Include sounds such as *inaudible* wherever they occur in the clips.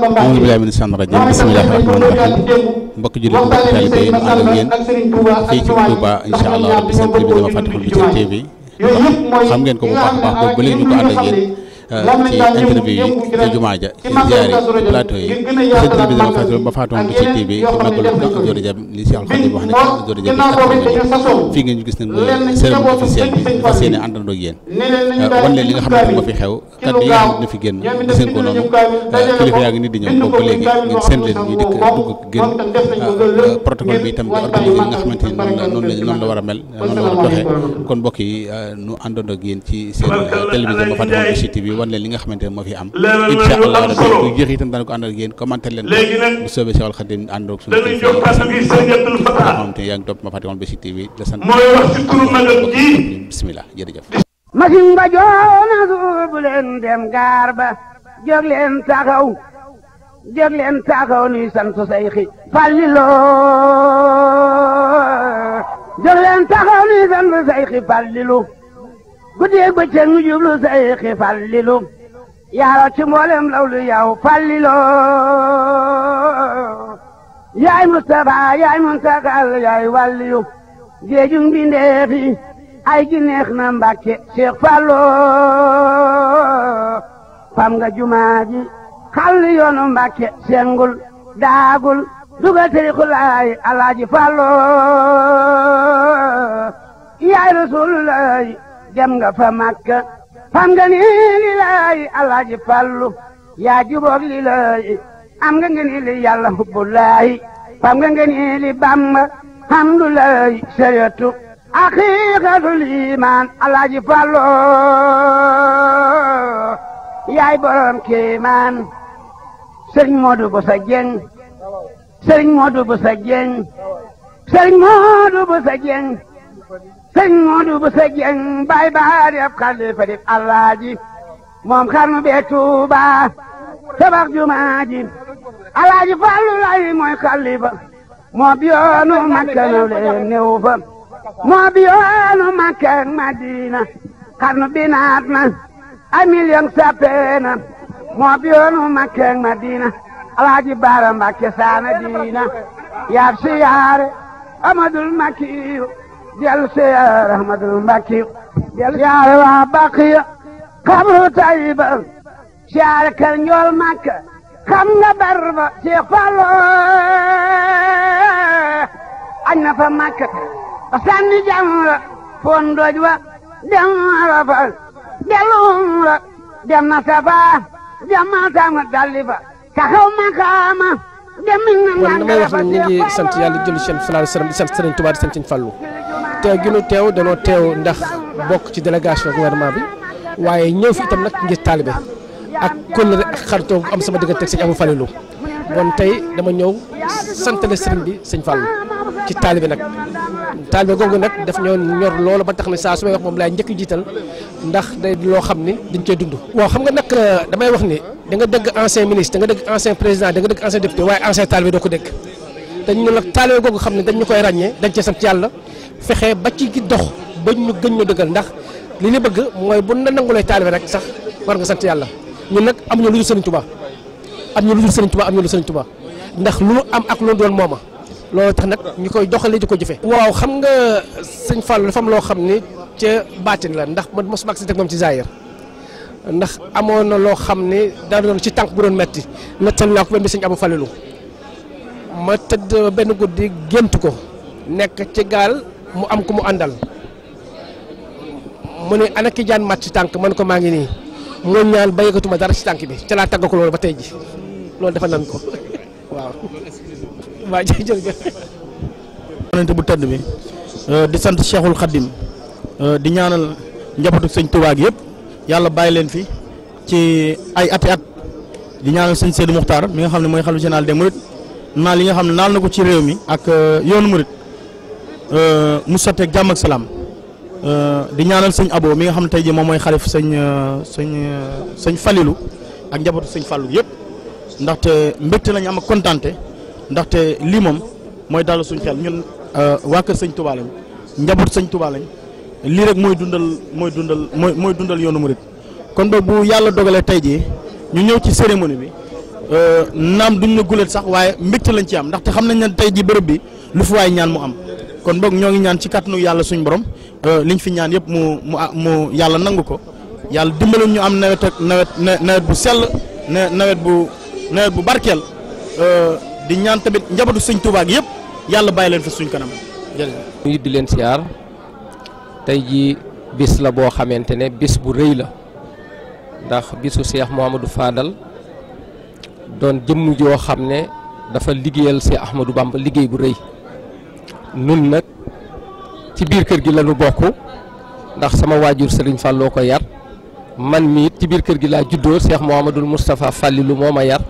aouzu billaahi mina shaytaani rajiim bismillaahi rahmaani rahiim mbokk jullit mbokk taalibe yi ñu ànd ak yéen fii ci Touba incha allah rabbi seen télévision Fatihul Bichri xam ngeen ko bu baax a baax boobu ba léegi ñu ko Euh, ci interview yi ci jumaa ja ci ziyaar yi ci plateau yi sëñ bi dama fàttali ba faatoon ci TV bi ci màggalu Jóor Jaañ li Cheikh Khadim wax ne Jóor Jaañ bi fii ngeen gis ne mooy cérémonie officielle bi dafa seeni àndandoo ak yéen euh, leen li nga xam ne moo fi xew kat yi nga xam ne fi génn gis ngeen ko noonu euh, kilifa yaa ngi nii di ñëw boobu ba léegi seen leen ñuy bi itam di organisé nga xamante ni noonu la noonu la noonu a mel noonu la war a doxee kon mbokk nu àndandoo ak ci seen télévision ba fàttali ci TV wan leen li nga xamante ne moo fi am incha allah rabi bu jeex itam dana ko ànd ak yéen commenté leen bu soobee Cheikhoul Khadim ànd ak suñu la sant mooy wax ci turu magam ji bismillah jërëjëf masin ba suubu leen dem gaar ba jóg leen taxaw jóg leen taxaw nuy sant Seyxi Falilu jóg leen taxaw nuy sant Seyxi Falilu guddeeg bëccëg nu jublu sayxi fallilu yaaro ci mboolem lawlu yow fallilo yaay Mustafa yaay muntakal yaay wàlliyu géejum bindeefi ay gi neex na Mbàkke Cheikh Fallo fam nga jumaa ji xal yoonu daagul dugal tariqul alaaji Fallo yaay rasulullahi dem nga fa Makka fam nga ni li laay alaaji Fallu yaa juboog li laay am nga ngeen li yàlla hubbu laay fam nga ngeen li Bàmba hamdu laay sariyatu aqiiqatul iimaan alaaji Fallu yaay borom kéemaan sëriñ Moodu bu sa jeng sëriñ Moodu sa jeng sëriñ Moodu sa jeng sëñ Modou bu sa jeng bay baa di ab xalifa di alaaji moom xarnu bee Tuuba tabax jumaa ji alaaji Fallu lay mooy xalifa moo bi yoonu Makka naw leen néew fa moo bi yoonu Makka ak Madina xarnu bi naat na ay million sappee na moo bi yoonu Makka ak Madina alaaji Baara Mbàkke saana diina yaab siyaare amadul makiyu جلس يا رحمة المكي يا روا باقي قبر طيب شارك نيول مكة خمنا بربا تيقفالو أنا في مكة أساني جمرة فون دجوة جمرة فال جلومرة جمنا سفا جمنا سامة دالبا تخو مكامة kon li may wax ni ñu ngi sant yàlla jël seen salaahu salaam di sant Serigne Touba di sant Serigne Fallou teew gi ñu teew danoo teew ndax bokk ci delegation gouvernement bi waaye ñëw fi itam nag ngir taalibe ak kóllëre ak xaritoo am sama diggante ak sëñ Abou Falilou bon tey dama ñëw santale sëriñ bi sëñ Fallou ci taalibe nag taalibe googu nag daf ñoo ñor loolu ba tax ne saa su may wax moom laay jiital ndax day loo xam ni dañ cee dund. waaw xam nga nag euh, da nga dëgg ancien ministre da nga dëgg ancien président da nga dëgg ancien député waaye ancien taalibe doo ko dégg dañ ñu nag taalibe googu xam ne dañ ñu koy ràññee dañ cee sant yàlla. fexe ba ci dox ba ñu gën ñu dëggal ndax li ñu bëgg mooy bu na nangulee taalibe rek sax war nga sant yàlla ñun nag am ñu lu ñu sëriñ Tuubaa am ñu lu ñu sëriñ Tuubaa am ñu lu sëriñ Tuubaa ndax lu am ak lu doon mooma loolu tax nag ñu koy doxalee di ko jëfee. waaw xam nga sëñ Fall dafa am loo xam ni ca baatin la ndax man mosuma ak si teg moom ci zaahir ndax amoon na loo xam ne daa ci tànk bu doon metti nettal naa ko benn bi sëñ Abu Falilu ma tëdd benn guddi gént ko nekk ci gaal. mu am ku mu àndal mu ne ana ki jaan mat ci tànk man ko maa ngi nii mu ñaan béykatuma dara ci tànk bi ca laa tàgg ko loolu ba tey ji loolu dafa nan ko *laughs* waaw waaw jërëjëf yonent bu tedd bi euh, di sant Cheikhul Khadim euh, di ñaanal njabootu sëñ Tuubaa gi yëpp yàlla bàyyi leen fi ci ay ati at di ñaanal sëñ Seydou Muxtaar mi nga xam ne mooy xalifa général des Mourides naa li nga xam ne naal na ko ci réew mi ak euh, yoonu Mouride Euh, mu sotteeg jàmm ak salaam euh, di ñaanal sëñ abo mi nga xam ne tey ji moom mooy xalif sëñ euh, sëñ sëñ falilu ak njabootu sëñ fàllu yëpp ndaxte mbégte lañu am ak kontante ndaxte lii moom mooy dalal suñ xel ñun waa kër sëñ Touba lañ njabootu sëñ Touba lañ lii rek mooy dundal mooy dundal mooy mooy dundal yoonu murit kon ba yàlla dogalee tey jii ñu ñëw ci cérémonie bi naam duñ na guléet sax waaye mbégte lañ ci am ndaxte xam nañ ne tey jii bërëb bi lu fi ñaan mu am kon boog ñoo ngi ñaan ci kàttanu yàlla suñu borom euh, liñ fi ñaan yëpp mu mu mu yàlla nangu ko yàlla dimbalu ñu am nawet ak nawet nawet bu sell nawet bu nawet bu barkeel euh, di ñaan tamit njabootu suñ tubaab yëpp yàlla bàyyi leen fi suñ kanam jërëjëf. ñu di leen siyaar tey jii bis la boo xamante ne bis bu rëy la ndax bisu seex Muhammadu Fadal doon jëmm joo xam ne dafa liggéeyal si Ahmadou Bamba liggéey bu rëy. nun nag ci biir kër gi la bokk ndax sama waajur Serigne Falloo ko yar man mii ci biir kër gi laa juddoo Cheikh Mouhamadul fàlli lu moo ma yar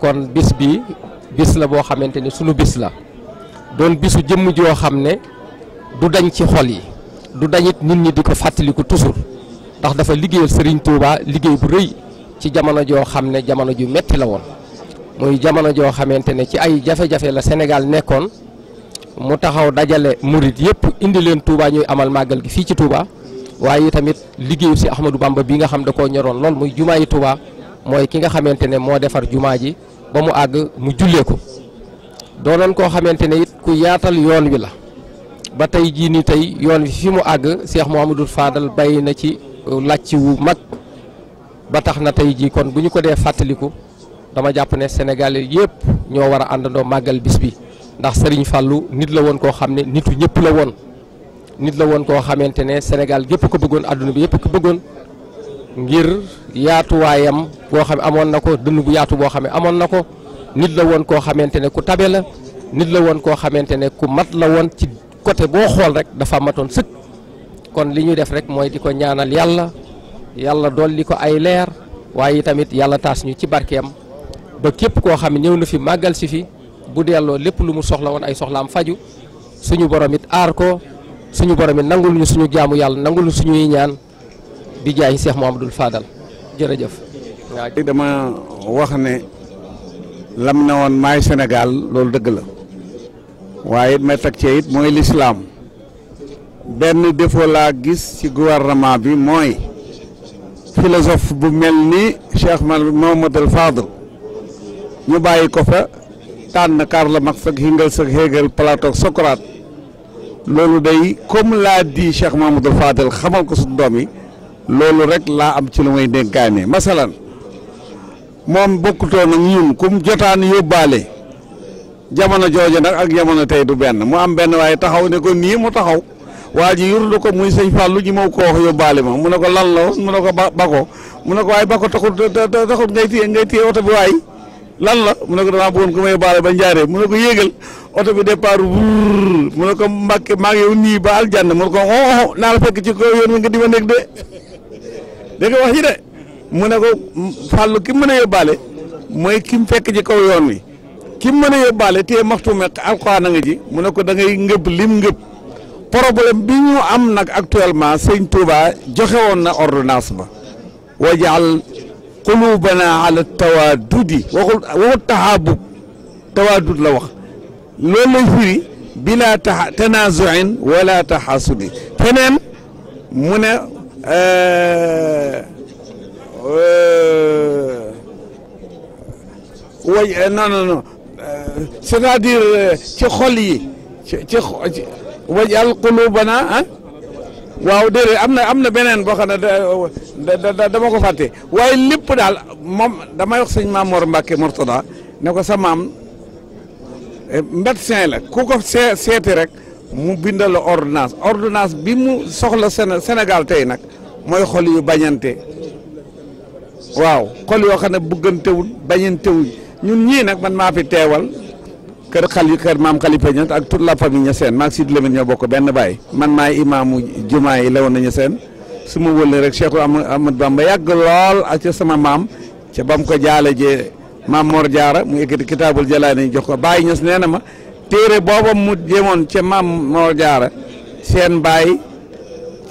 kon bis bi bis la boo xamante ne sunu bis la doon bisu jëmm joo xam ne du dañ ci xol yi du dañit nit ñi di ko fàttaliku toujours ndax dafa liggéeyal sëriñ Touba liggéey bu rëy ci jamono joo xam ne jamono ju metti la woon muy jamono joo xamante ne ci ay jafe-jafe la Sénégal nekkoon. mu taxaw dajale murit yëpp indi leen Touba ñuy amal màggal gi fii ci Touba waaye tamit liggéeyu si Ahmadou Bamba bi nga xam da koo ñoroon lool muy jumaa yi Touba mooy ki nga xamante ne moo defar jumaa ji ba mu àgg mu jullee ko doonoon koo xamante ne it ku yaatal yoon wi la ba tey jii nii tey yoon wi fi mu àgg Cheikh Mouhamadou faadal bàyyi na ci uh, làcc wu mag ba tax na tey jii kon bu ñu ko dee fàttaliku dama jàpp ne Sénégal yëpp ñoo war a àndandoo màggal bis bi ndax Serigne Fallou nit la woon koo xam ne nitu ñëpp la woon nit la woon koo xamante ne Sénégal gépp ko bëggoon àdduna bi yëpp ko bëggoon ngir yaatuwaayam boo xam ne amoon na ko dënn bu yaatu boo xam ne amoon na ko nit la woon koo xamante ne ku tabe la nit la woon koo xamante ne ku mat la woon ci côté boo xool rek dafa matoon sëkk kon li ñu def rek mooy di ko ñaanal yàlla yàlla dolli ko ay leer waaye tamit yàlla taas ñu ci barkeem ba képp koo xam ne ñëw na fi màggal si fi bu delloo lépp lu mu soxla woon ay soxlaam faju suñu boroom it aar ko suñu borom it nangu ñu suñu jaamu yàlla nangul ñu suñuy ñaan di jaay Cheikh Mouhamadoul Fadal jërëjëf. waaw dama wax ne lam na woon may Sénégal loolu dëgg la waaye it may teg cee it mooy lislaam benn défaut laa gis ci gouvernement bi mooy philosophe bu mel ni Cheikh Mouhamadoul Fadal ñu bàyyi ko fa. tànn Karl Marx ak Engels ak Hegel Plato ak Socrate loolu day comme laa di Cheikh Mamadou Fadel xamal ko su doom yi loolu rek laa am ci lu may dénkaane masalan moom bokkutoon ak ñun kum jotaan yóbbaale jamono jooju nag ak jamono tey du benn mu am benn waaye taxaw ne ko nii mu taxaw waa ji yurlu ko muy sëñ Fallou ji moo ko wax yóbbaale ma mu ne ko lan la mu ne ko ba bako mu ne ko waaye bako taxut taxut ngay téye ngay téye oto bi waay. lan la mu ne ko damaa bëggoon ko may baale ba njaaree mun ne ko yéegal oto bi départ wuur mu ne ko mbàkke maa ngi yow nii ba aljanna mu ne ko xoo oh, oh, oh, naa la fekk ci ko yoon wi nga di ma nekk de mu ne ko fàllu ki mën a yóbbaale mooy ki mu fekk ci kaw yoon wi ki mu mën a yóbbaale te maxtume alxuraan nga ji mu a ko dangay ngay ngëb lim ngëb problème bi ñu am nag actuellement sëñ Touba joxe woon na ordonnance ba wajaal qulubana ala tawaadudi waxul waxul taxaabub tawaadud la wax loolu lay firi bila ta tanazuin wala taxasudi feneen mu ne way non non non c'est-à-dire ci xol yi ci ci wajal qulubana ah waaw déedéet am na am na beneen boo xam ne da dama ko fàtte waaye lépp daal moom damay wax sëñ maam Mor Mbacke Mourtada ne ko sa maam eh, médecin la ku ko seeti rek mu bindal la ordonnance ordonnance bi mu soxla Sénégal tey nag mooy xol yu bañante waaw xol yoo xam ne buggantewul bañantewul ñun ñii nag man maa fi teewal. kër xali kër maam Khalifa Niass ak toute la famille Niassène maag Sidi Lamine ñoo bokk benn baay man maay imaamu jumaa yi lewoon na Niassène su ma wëlee rek Cheikh Ahmad Bamba yàgg lool ak ca sama maam ca ba mu ko jaale jee maam Mor Jaara mu yëkkati kitaabul Jalaani jox ko Baye Niass nee na ma téere booba mu jéemoon ca maam Mor Jaara seen baay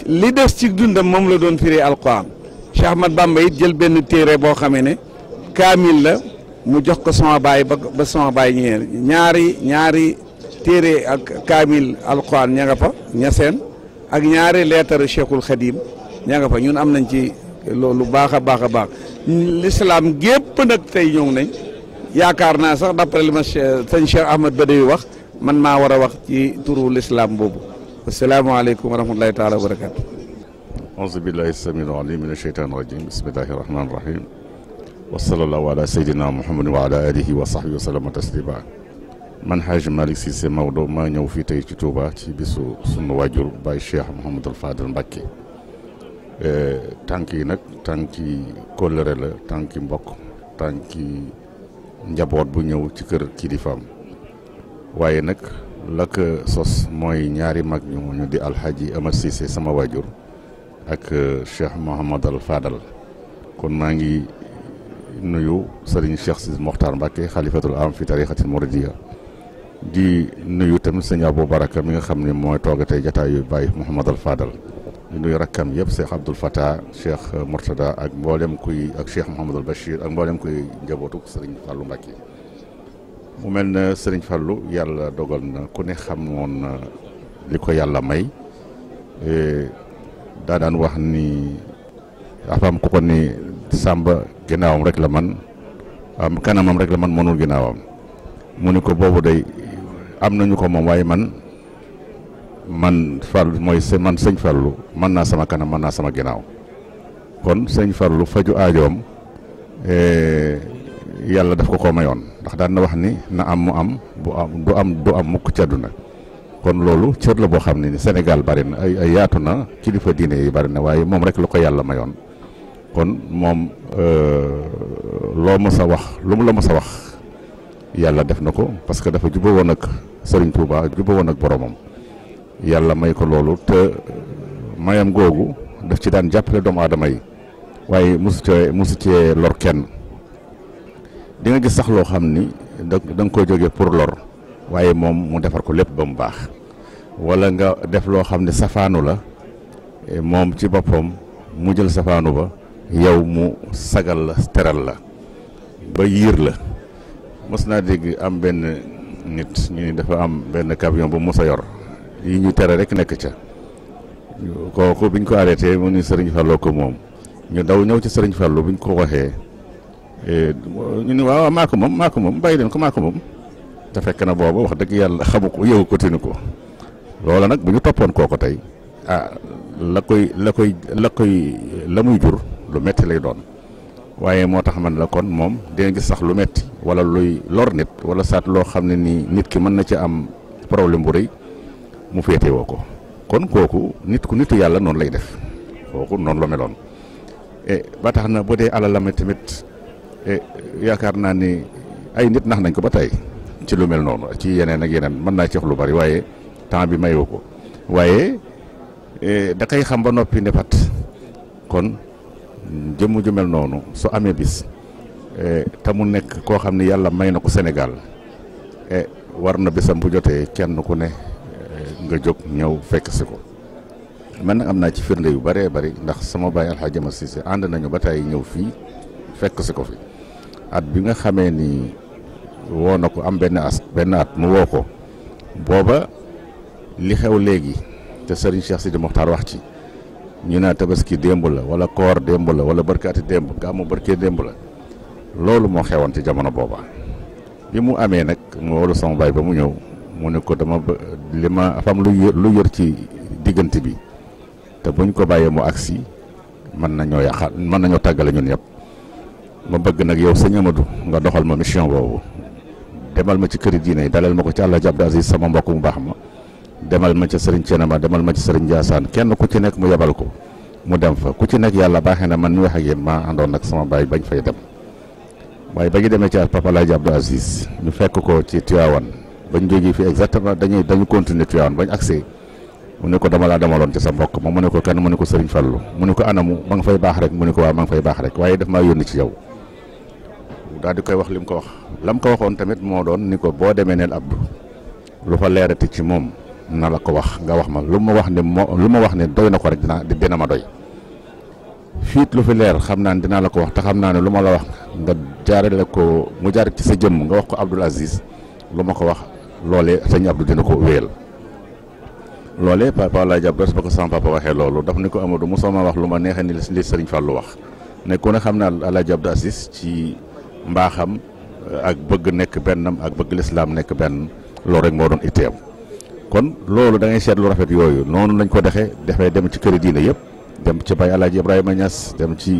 li des ci dundam moom la doon firi alquran Cheikh Ahmad Bamba it jël benn téere boo xamee ne kaamil la. mu jox ko sama baay ba ba sama baay ñëwee ñaari ñaari téere ak kaamil alquran ña nga fa ña ak ñaari leetar cheikhul xadim ña nga fa ñun am nañ ci lu baax a baax a baax lislaam gépp nag tey ñëw nañ yaakaar naa sax d'après li ma sëñ Cheikh Ahmad Badawi wax man maa war a wax ci turu lislaam boobu asalaamaaleykum wa rahmatulahi taala wa barakaatu auzu billahi samil alim min asheytan rajim bismillahi rahmani rahim wa sallallahu ala sayyidina muhammad wa ala alihi wa sahbihi wa sallama taslima man Hadj Malick Cissé Maodo ma ñëw fii tey ci Touba ci bisu sunu waajur Baye Cheikh Mouhamadul Fadal Mbacké e, tànk yi nag tànk yi kóllëre la tànk yi mbokk tànk njaboot bu ñëw ci kër kilifaam waaye nag lak sos mooy ñaari mag ñu ñu di alxaaji Amar Cissé sama waajur ak Cheikh Mouhamadul Fadal kon maa nuyu sëriñ Cheikh Sis Mokhtar Mbacke xalifatul am fi tarixatil muridiya di nuyu tamit sëñ Abou Baraka mi nga xam ni mooy tooga tey jataay yu Baye Mouhamad Al Fadal di nuyu rakkam yëpp Cheikh Abdoul Fattah Cheikh Mourtada ak mboolem kuy ak Cheikh Mouhamadul Bachir ak mboolem kuy njabootu sëriñ Fallou Mbacke mu mel na sëriñ Fallou yàlla dogal na ku ne xamoon na li ko yàlla may eh, daa daan wax ni afam ku ko ni Samba ginnaawam rek la man am kanamam rek la man mënul ginnaawam mu ni ko boobu de am nañu ko moom waaye man man Fallou mooy man sëñ Fallou mën naa sama kanam man naa sama ginaaw kon sëñ Fallou faju aajoom e, yàlla daf ko ko mayoon ndax daan na wax ni na am mu am bu am du am du am mukk ci àdduna kon loolu cër la boo xam ne ni Sénégal bari na ay yaatu na kilifa diine yi bari na waaye moom rek la ko yàlla mayoon kon moom euh, loo mës a wax lu mu la mës a wax yàlla def na ko parce que dafa jubba woon ak Serigne Touba jubba woon ak boroomam yàlla may ko loolu te mayam googu daf ci daan jàppale doomu aadama yi waaye mosu cee mosu cee lor kenn gis sax loo xam ni da da nga koy jógee pour lor waaye moom mu defar ko lépp ba mu baax walla nga def loo xam ne safaanu la eh, moom ci boppam mu jël safaanu ba. yow mu sagal la teral la ba yiir la mos naa dégg am benn nit ñu ni dafa am benn camion bu mos a yor yi ñu tere rek nekk ca kooku biñ ko arrêté mu ni Serigne Fallou ko moom ñu daw ñëw ci Serigne Fallou buñ ko waxee eh, ñu ni waaw maa ko moom maa moom bàyyi leen ko maa moom te fekk na boobu wax dëgg yàlla xamu ko yow ko tinu ko loola nag bu ñu toppoon kooko tey ah la koy la koy la koy la muy jur lu metti lay doon waaye moo tax man la kon moom dina gis sax lu metti wala luy lor nit wala saat loo xam ne nii nit ki mën na ci am problème bu rëy mu féete woo ko kon kooku nit ku nitu yàlla noonu lay def kooku noonu la meloon e ba tax na bu dee alalam tamit eh, yaakaar naa ni ay nit nax nañ ko ba tey ci lu mel noonu ci yeneen ak yeneen mën naa ci wax lu bari waaye temps bi mayu ko waaye eh, da xam ba noppi ne pat kon jëmm ju noonu su amee bis e, te mu nekk koo xam ni yàlla may na ko Sénégal e, war na bisam bu jotee kenn ku ne e, nga jóg ñëw fekk si ko mën nag am naa ci firnde yu bëree bëri ndax sama baay Alxaaji si si ànd nañu ba tey ñëw fii fekk si ko fi at bi nga xamee ni woo na ko am benn as benn at mu woo ko booba li xew léegi te Serigne Cheikh Sidi Mokhtar wax ci ñu naa tabaski démb la wala koor démb la wala barkaati démb gàmmu barkee démb la loolu moo xewoon ci jamono boobaa bi mu amee nag mu wala sama baay ba mu ñëw mu ne ko dama li ma fam lu lu yër ci diggante bi te buñ ko bàyyee mu agsi mën nañoo yàqal mën nañoo tàggale ñun yëpp ma bëgg nag yow sëñ Amadou nga doxal ma mission boobu demal ma ci këri diine yi daleel ma ko ci àlla jàpp daal sama mbokk mu baax ma demal ma ca sëriñ Cenema demal ma ca sëriñ Ndiassane kenn ku ci nekk mu yebal ko mu dem fa ku ci nekk yàlla baaxee na man mu wax ak yéen maa àndoon nag sama baay bañ fay dem waaye ba ñu demee ci Papa El Hadj Abdou fekk ko ci Tivaouane bañ jógee fii exactement dañuy dañu continuer Tivaouane bañ accès mu ne ko dama laa demaloon ci sa mbokk ma mu ne ko kenn mu ne ko sëriñ Fallou mu ne ko anamu ma nga fay baax rek mu ne ko waaw ma nga fay baax waaye daf maa yónni ci yow daal di koy wax li mu ko wax la lam ko waxoon tamit moo doon ni ko boo demee neel Abdou lu fa leerati ci moom na la ko wax nga wax ma lu ma wax ne moo lu ma wax ne doy na ko rek dinaa dina ma doy fiit lu fi leer xam naa ni dinaa la ko wax te xam naa ne lu ma la wax nga jaarale ko mu jaar ci sa jëmm nga wax ko Abdoul Aziz lu ma ko wax loole sëñ Abdou dina ko wéyal loolee papa laa jàpp des ba ko sama waxee loolu daf ni ko Amadou mosoo ma wax lu ma neexee ni li sëriñ Fallou wax ne ku ne xam naa Alaaji Abdou Aziz ci mbaaxam ak bëgg nekk bennam ak bëgg lislaam nekk benn loolu rek moo doon itteem kon loolu da ngay seet lu rafet yooyu noonu lañ ko dexe defee dem ci këri diine yëpp dem ci bay alaaji Ibrahima Niass dem ci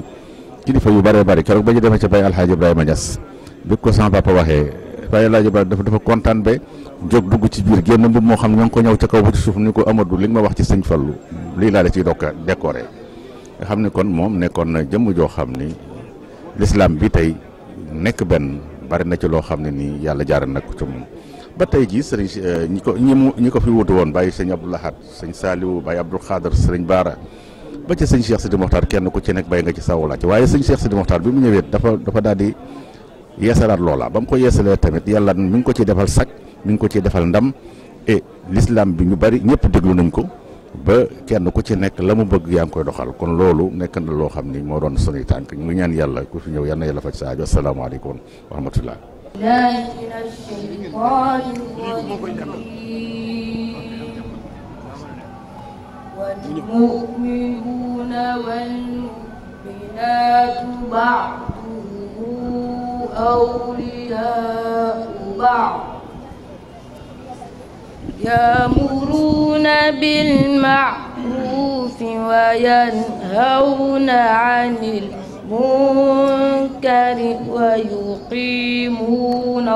kilifa yu bëree bëri keroog ba ñu demee ci bay alaaji Ibrahima ñas bi ko sama papa waxee bay alaaji Ibrahima dafa defa kontaan be jóg dugg ci biir génn mbub moo xam ne ñoo ngi ko ñëw ca kaw bu ci suuf ni ko Amadou li nga ma wax ci sëñ Fallu lii laa la ciy dokka décoré nga xam ne kon moom nekkoon na jëmm joo xam ni l'islam bi tey nekk benn bari na ci loo xam ne nii yàlla jaaral na ko moom ba tey jii sëriñ euh, ñi ko ñi mu ñi ko fi wutu woon bàyyi sëñ Abdou Lahad sëñ Saliou bàyyi Abdou Khader sëriñ Baara ba ci sëñ Cheikh Sidi Mokhtar kenn ku ci nekk bàyyi nga ci sawulaat waaye sëñ Cheikh Sidi Mokhtar bi mu ñëwee dafa dafa daal di yeesalaat loola ba mu ko yeesalee tamit yàlla mu ngi ko ciy defal sakk mi ngi ko ciy defal ndam et l'islam bi ñu bari ñëpp déglu nañ ko. ba kenn ku ci nekk la mu bëgg yaa ngi koy doxal kon loolu nekk na loo xam ni moo doon sunuy tànk ñu ngi ñaan yàlla ku fi ñëw yal na yàlla faj sa aajo الله من الشيطان الرجيم والمؤمنون والمؤمنات بعضهم أولياء بعض يأمرون بالمعروف وينهون عن الأرض المنكر ويقيمون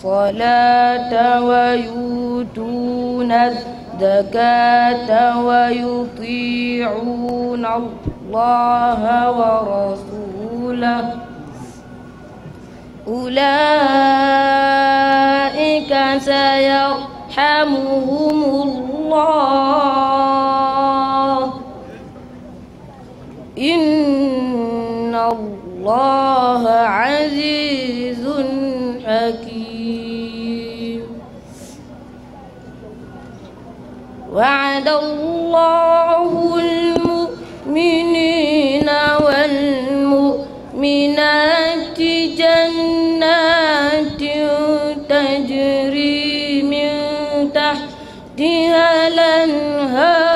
الصلاة ويؤتون الزكاة ويطيعون الله ورسوله أولئك سيرحمهم الله إن allaha azizun hakim wa'ada allahu al-mu'minina wal-mu'minati jannatin tajri min tahtiha al-anhar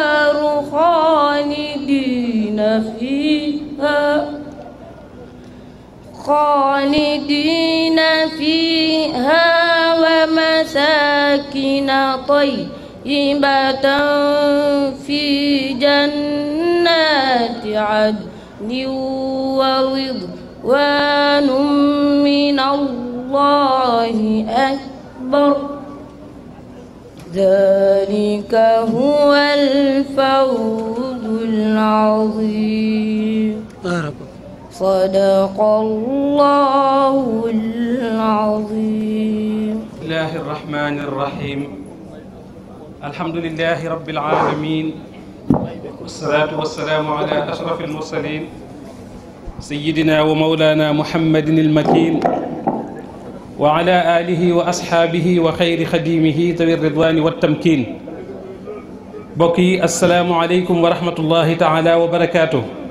خالدين فيها خالدين فيها ومساكن طيبة في جنات عدن ورضوان من الله أكبر ذلك هو الفوز العظيم sadaqallahul aziim bismillahi rahmani rahim alhamdulillahi rabbil alamin wasalaatu wasalaamu ala ashrafil mursalin sayyidina wa mawlana muhammadin al-makin wa ala alihi wa asxaabihi wa xayri xadimihi tawi ridwani wa tamkin mbokk yi asalaamualeykum wa rahmatullahi taala wa barakaatu.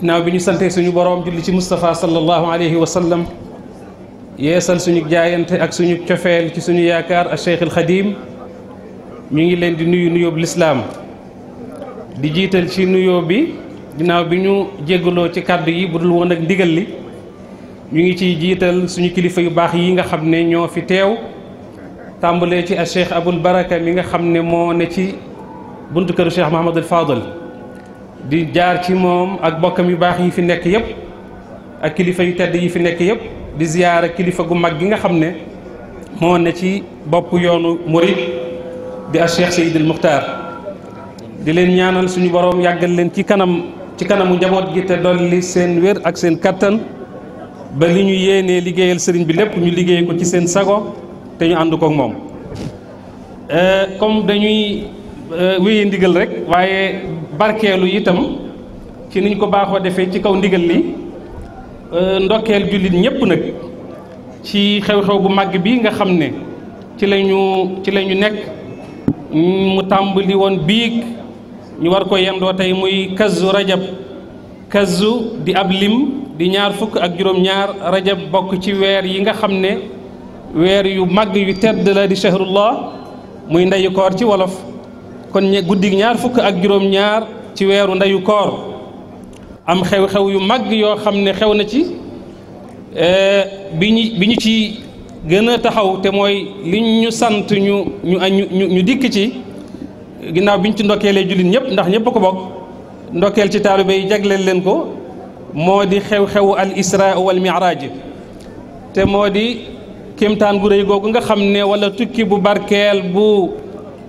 ginnaaw bi ñu santee suñu boroom julli ci Moustapha sallallahu alayhi wa sallam yeesal suñu jaayante ak suñu cofeel ci suñu yaakaar ak Cheikh ñu ngi leen di nuyu nuyóob lislaam di jiital ci nuyóo bi ginnaaw bi ñu jéggaloo ci kàddu yi bu dul woon ak ndigal li ñu ngi ciy jiital suñu kilifa yu baax yi nga xam ne ñoo fi teew tàmbalee ci ak Cheikh Abul Baraka mi nga xam ne moo ne ci buntu këru Cheikh Mahamadul Fadal di jaar ci moom ak bokkam yu baax yi fi nekk yépp ak kilifa yu tedd yi fi nekk yépp di ziyaara kilifa gu mag gi nga xam ne moo ne ci bopp yoonu murid di al Cheikh Seydil Muxtaar di leen ñaanal suñu boroom yàggal leen ci kanam ci kanamu njaboot gi te dolli seen wér ak seen kattan ba li ñu yéenee liggéeyal sëriñ bi lépp ñu liggéey ko ci seen sago te ñu ànd kook moom euh, comme dañuy Euh, wéyee ndigal rek waaye barkeelu itam ci niñ ko baaxoo defee ci kaw ndigal li euh, ndokkeel jullit ñépp nag ci xew-xew bu màgg bi nga xam ne ci lañu ci lañu nekk mu tàmbali woon biig ñu war ko yendoo tey muy kazu rajab kazu di ab lim di ñaar fukk ak juróom-ñaar rajab bokk ci weer yi nga xam ne weer yu màgg yu tedd la di shahrullah muy ndeyu ci wolof kon ñe guddig ñaar fukk ak juróom-ñaar ci weeru ndeyu koor am xew-xew yu mag yoo xam ne xew na ci eh, bi ñu ci gën a taxaw te mooy li ñu sant ñu ñu dikk ci ginnaaw bi ñu ci ndokkeelee jullit ñëpp ndax ñëpp ko bokk ndokkeel ci taalibe yi jagleel leen ko moo di xew-xewu al isra wal miraaj te moo di kéemtaan gu rëy googu nga xam ne walla tukki bu barkeel bu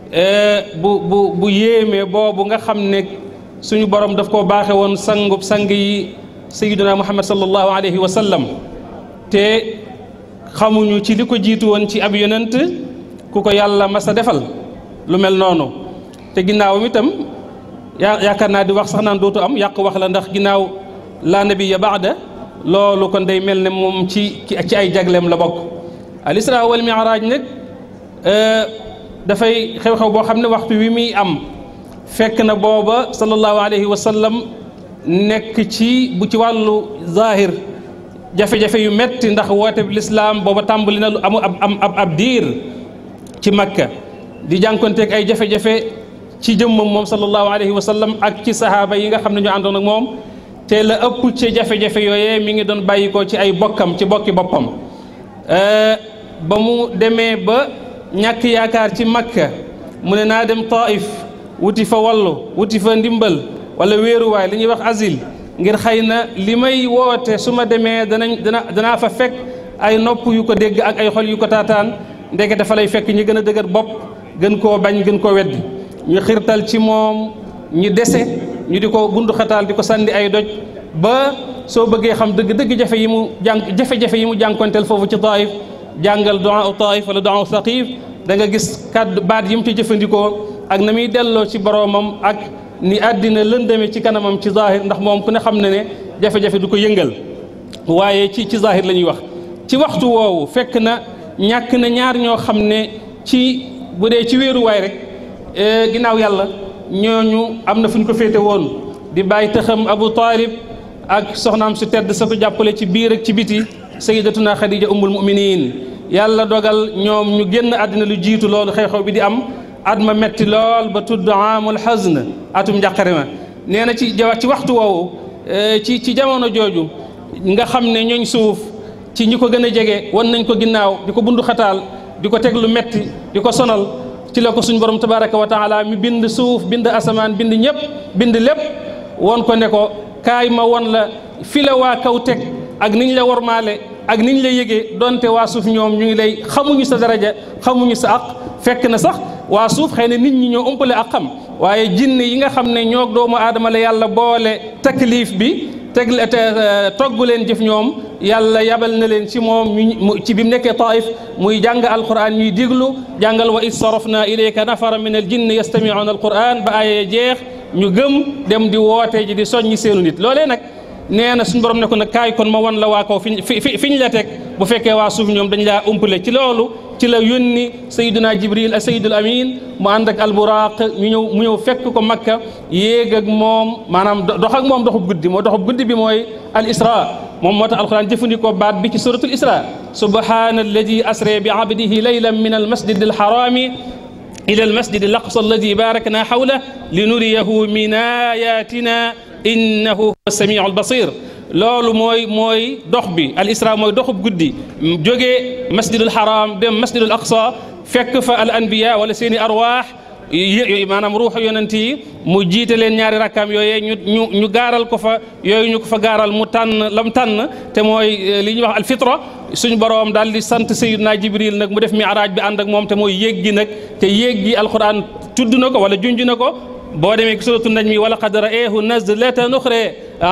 Eh, bu bu bu yéemee boobu nga xam ne suñu boroom daf koo baaxe woon sangub sang yi sayyiduna muhammad sallallahu alayhi wa sallam te xamuñu ci li ko jiitu woon ci ab yonent ku ko yàlla masa defal lu mel noonu te ginnaawam itam yaa yaakaar naa di wax sax naa dootu am yàq wax la ndax ginnaaw laa nabiya baada loolu kon day mel ne moom ci ci ay jagleem la bokk al isra wal mi'raaj dafay xew-xew boo xam ne waxtu wi muy am fekk na booba sallallahu alayhi wa sallam nekk ci bu ci wàllu zahir jafe-jafe yu metti ndax woote lislaam booba tàmbali na lu amu ab ab ab diir ci makka di jànkonteeg ay jafe-jafe ci jëmmam moom sallallahu alayhi wa sallam ak ci sahaaba yi nga xam ne ñu àndoon ak moom te la ëpp ci jafe-jafe yooyee mi ngi doon bàyyikoo ci ay bokkam ci bokki boppam euh, ba mu demee ba ñàkk yaakaar ci makka mu ne naa dem taif wuti fa wallu wuti fa ndimbal wala wéeruwaay li ñuy wax asil ngir xëy na li may woote su ma demee danañ dana danaa fa fekk ay nopp yu ko dégg ak ay xol yu ko taataan ndeke dafa lay fekk ñi gën a dëgër bopp gën koo bañ gën koo weddi ñu xirtal ci moom ñu dese ñu di ko bundu xataal di ko sànni ay doj ba soo bëggee xam dëgg dëgg jafe yi mu jànk jafe-jafe yi mu jànkonteel foofu ci Taif jàngal du'a taif wala du'a saqif da nga gis kàdd baat yi mu jëfandikoo ak na muy delloo ci boroomam ak ni àddina lëndëme ci kanamam ci zahir ndax moom ku ne xam na ne jafe-jafe du ko yëngal waaye ci ci zahir la ñuy wax ci waxtu woowu fekk na ñàkk na ñaar ñoo xam ne ci bu dee ci wéeruwaay rek e, ginnaaw yàlla ñooñu am na fu ñu ko féete woon di bàyyi taxam Abu Taalib ak soxnaam su tedd sa ko jàppale ci biir ak ci biti sayyidatuna Xadija ummul muminin yàlla dogal ñoom ñu génn àddina lu jiitu loolu xew-xew bi di am at ma metti lool ba tudd amul xasn atum njàqare ma nee na ci ci waxtu woowu eh, ci ci jamono jooju nga xam ne ñooñ suuf ci ñi ko gën a jege wan nañ ko ginnaaw di ko bundu xataal di ko teg lu metti di ko sonal ci la ko suñ borom tabaraka wa taala mi bind suuf bind asamaan bind ñëpp bind lépp won ko ne ko kaay ma won la fi la waa kaw teg ak niñ la wormaale ak ni ñu lay yëgee donte waa suuf ñoom ñu ngi lay xamuñu sa daraja xamuñu sa àq fekk na sax waa suuf xëy na nit ñi ñoo ëmpale ak xam waaye jinne yi nga xam ne ñoo doomu aadama la yàlla boole taklif bi teg togg leen jëf ñoom yàlla yabal na leen ci moom ñu ci bi nekkee taif muy jàng alquran ñuy diglu jàngal wa id sarafna ilayka nafara min al jinni yastamiuna alquran ba aaya jeex ñu gëm dem di woote ji di soññi seenu nit loole nag nee na suñu borom ne ko nag kaay kon ma wan la waa kaw fi fi fi ñu la teg bu fekkee waa suuf ñoom dañ laa umpale ci ci la yónni sayduna jibril ak saydul amin mu ànd ak alburaq mu ñëw fekk ko makka yéeg ak moom maanaam dox ak moom doxub guddi moo doxub guddi bi mooy al isra moom moo tax alquran jëfandikoo baat bi ci suratul isra subhana alladi asra bi abdihi laylan min al masjid al harami ila al masjid al aqsa alladi barakna hawla li nuriyahu min ayatina innahu huwa samiu albasir loolu mooy mooy dox bi al isra mooy doxub guddi jógee masjidul haram dem masjidul aqsa fekk fa al anbiya wala seeni arwaax maanaam ruux yonent yi mu jiite leen ñaari rakkaam yooyee ñu ñu ñu gaaral ko fa yooyu ñu ko fa gaaral mu tànn lam tànn te mooy eh, li ñuy wax alfitra suñu boroom daal di sant sayyidna jibril nag mu def mi araaj bi ànd ak moom te mooy yéeg gi nag te yéeg gi alquran tudd na ko wala junj na ko boo demee ci suratu najmi wala qad ra'eehu nazlatan uxra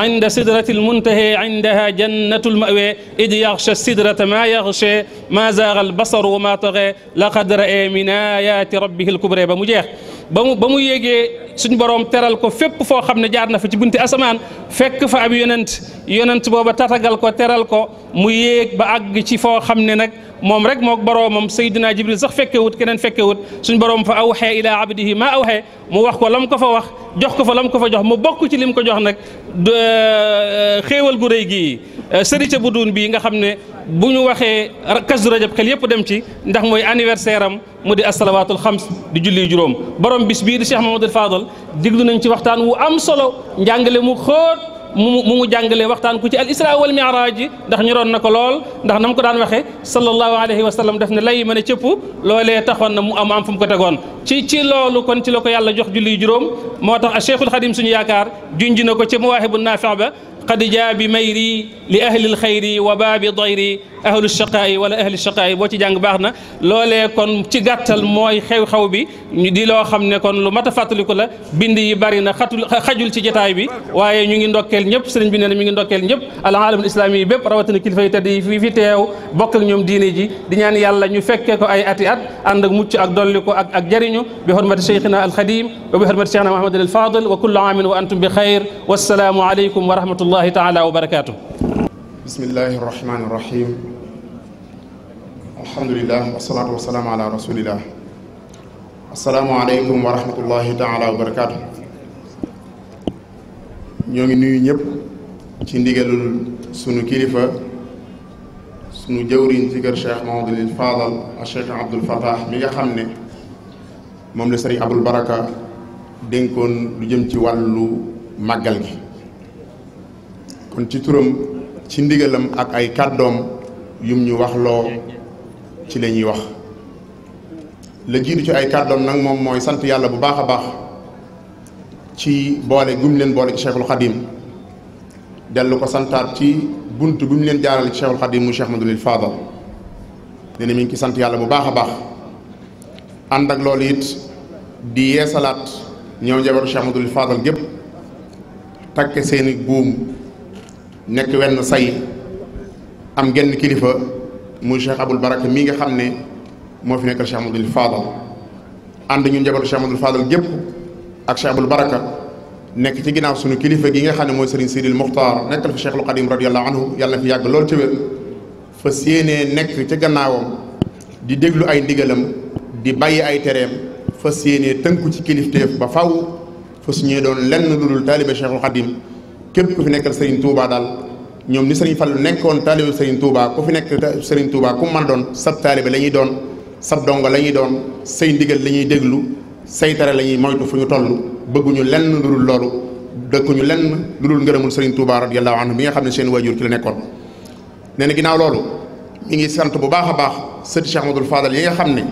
inda sidrati almuntaha indaha jannatu almawa id yaxsha sidrata ma yaxsha ma zaaga albasaru wa ma taxa laqad ra'ee min ayaati rabbihi alkubra ba mu jeex ba mu ba mu yéegee suñ borom teral ko fépp foo xam ne jaar na fa ci bunti asamaan fekk fa ab yonent yonent booba tatagal ko teral ko mu yéeg ba àgg ci foo xam ne nag moom rek mook boroomam saydina jibril sax wut keneen fekkewut suñ boroom fa awxee ilaa abdihi ma awxee mu wax ko lam ko fa wax jox ko fa lam ko fa jox mu bokk ci lim ko jox nag euh, euh, xéewal gu rëy gii euh, sërica bu duun bii nga xam ne bu ñu waxee kazu rajab xel yëpp dem ci ndax mooy anniversaire am mu di asalawaatul xams du julli juróom borom bis bii di Cheikh Mamadou Fadal diglu nañ ci waxtaan wu am solo njàngale mu xóot mu mu mu jàngalee waxtaan ku ci al isra wal miraaj ndax ñoroon na ko lool ndax na mu ko daan waxee sallallahu alayhi wa sallam daf ne lay mën a cëpp loolee taxoon na mu am am mu ko tegoon ci ci loolu kon ci la ko yàlla jox julli juróom moo tax a cheikhul xadim suñu yaakaar junj na ko ci mawaahibu naafi ba qad jaa bi mayri li ahli lxayri wa baabi dayri ahlu shaqaa'i wala ahli shaqaa'i boo ci jàng baax na loolee kon ci gàttal mooy xew-xew bi ñu di loo xam ne kon lu mat a fàttaliku la bind yi bari na xatul xajul ci jotaay bi waaye ñu ngi ndokkeel ñëpp sëriñ bi na mi ngi ndokkeel ñëpp al aalamul islaami yi bépp rawatina kilifa yi tedd yi fii fi teew bokk ak ñoom diine ji di ñaan yàlla ñu fekkee ko ay ati at ànd ak mucc ak dolli ak ak bi xormati cheikhina alxadim wa bi xormati cheikhina mahamadin rahmatullahi taala wa barakaatu. bismillahi rahmaani ala rasulillah. asalaamualeykum wa rahmatullahi taala wa ñoo ngi nuyu ñëpp ci ndigalul sunu kilifa sunu jëwriñ ci kër Cheikh Mahamadul Fadal ak Cheikh Abdoul Fatah mi nga xam ne moom la sëriñ Abdoul Baraka dénkoon lu jëm ci wàllu màggal gi. kon ci turam ci ndigalam ak ay kàddoom yum ñu wax loo ci lañuy ñuy wax la jiitu ci ay kàddoom nag moom mooy sant yàlla bu baax a baax ci boole gum leen boole ci cheikhul xadim dellu ko santaat ci bunt bi mu leen jaarale ci cheikhul xadim mu cheikh madulil fadal ne ne mi ngi ki sant yàlla bu baax a baax ànd ak loolu it di yeesalaat ñëw jabaru cheikh madulil fadal gépp takke seeni buum nekk wenn say am genn kilifa muy Cheikh Abul Baraka mii nga xam ne moo fi nekkal Cheikh Amadou Fadal ànd ñu njabootu Cheikh Amadou Fadal gépp ak Cheikh Abul Baraka nekk ci ginnaaw suñu kilifa gi nga xam ne mooy Serigne Sidil Muxtaar nekkal fi Cheikhul Xadim radiyallahu anhu yàlla na fi yàgg lool ci wér fas nekk ci gannaawam di déglu ay ndigalam di bàyyi ay tereem fas yéenee tënku ci kilifteef ba faw fas ñee doon lenn lu dul taalibe képp ku fi nekkal Serigne Touba daal ñoom ni Serigne Fallou nekkoon taalibe Serigne Touba ku fi nekk Serigne Touba ku mën doon sab taalibe la ñuy doon sab dongo la ñuy doon say ndigal la ñuy déglu say tere la ñuy moytu fu ñu toll bëgguñu lenn lu dul loolu dëkkuñu lenn lu dul ngërëmul Serigne Touba radiyallahu anhu bi nga xam ne seen waajur ci la nekkoon. nee na ginnaaw loolu mi ngi sant bu baax a baax sëti Cheikh Amadou Fadal yi nga xam ne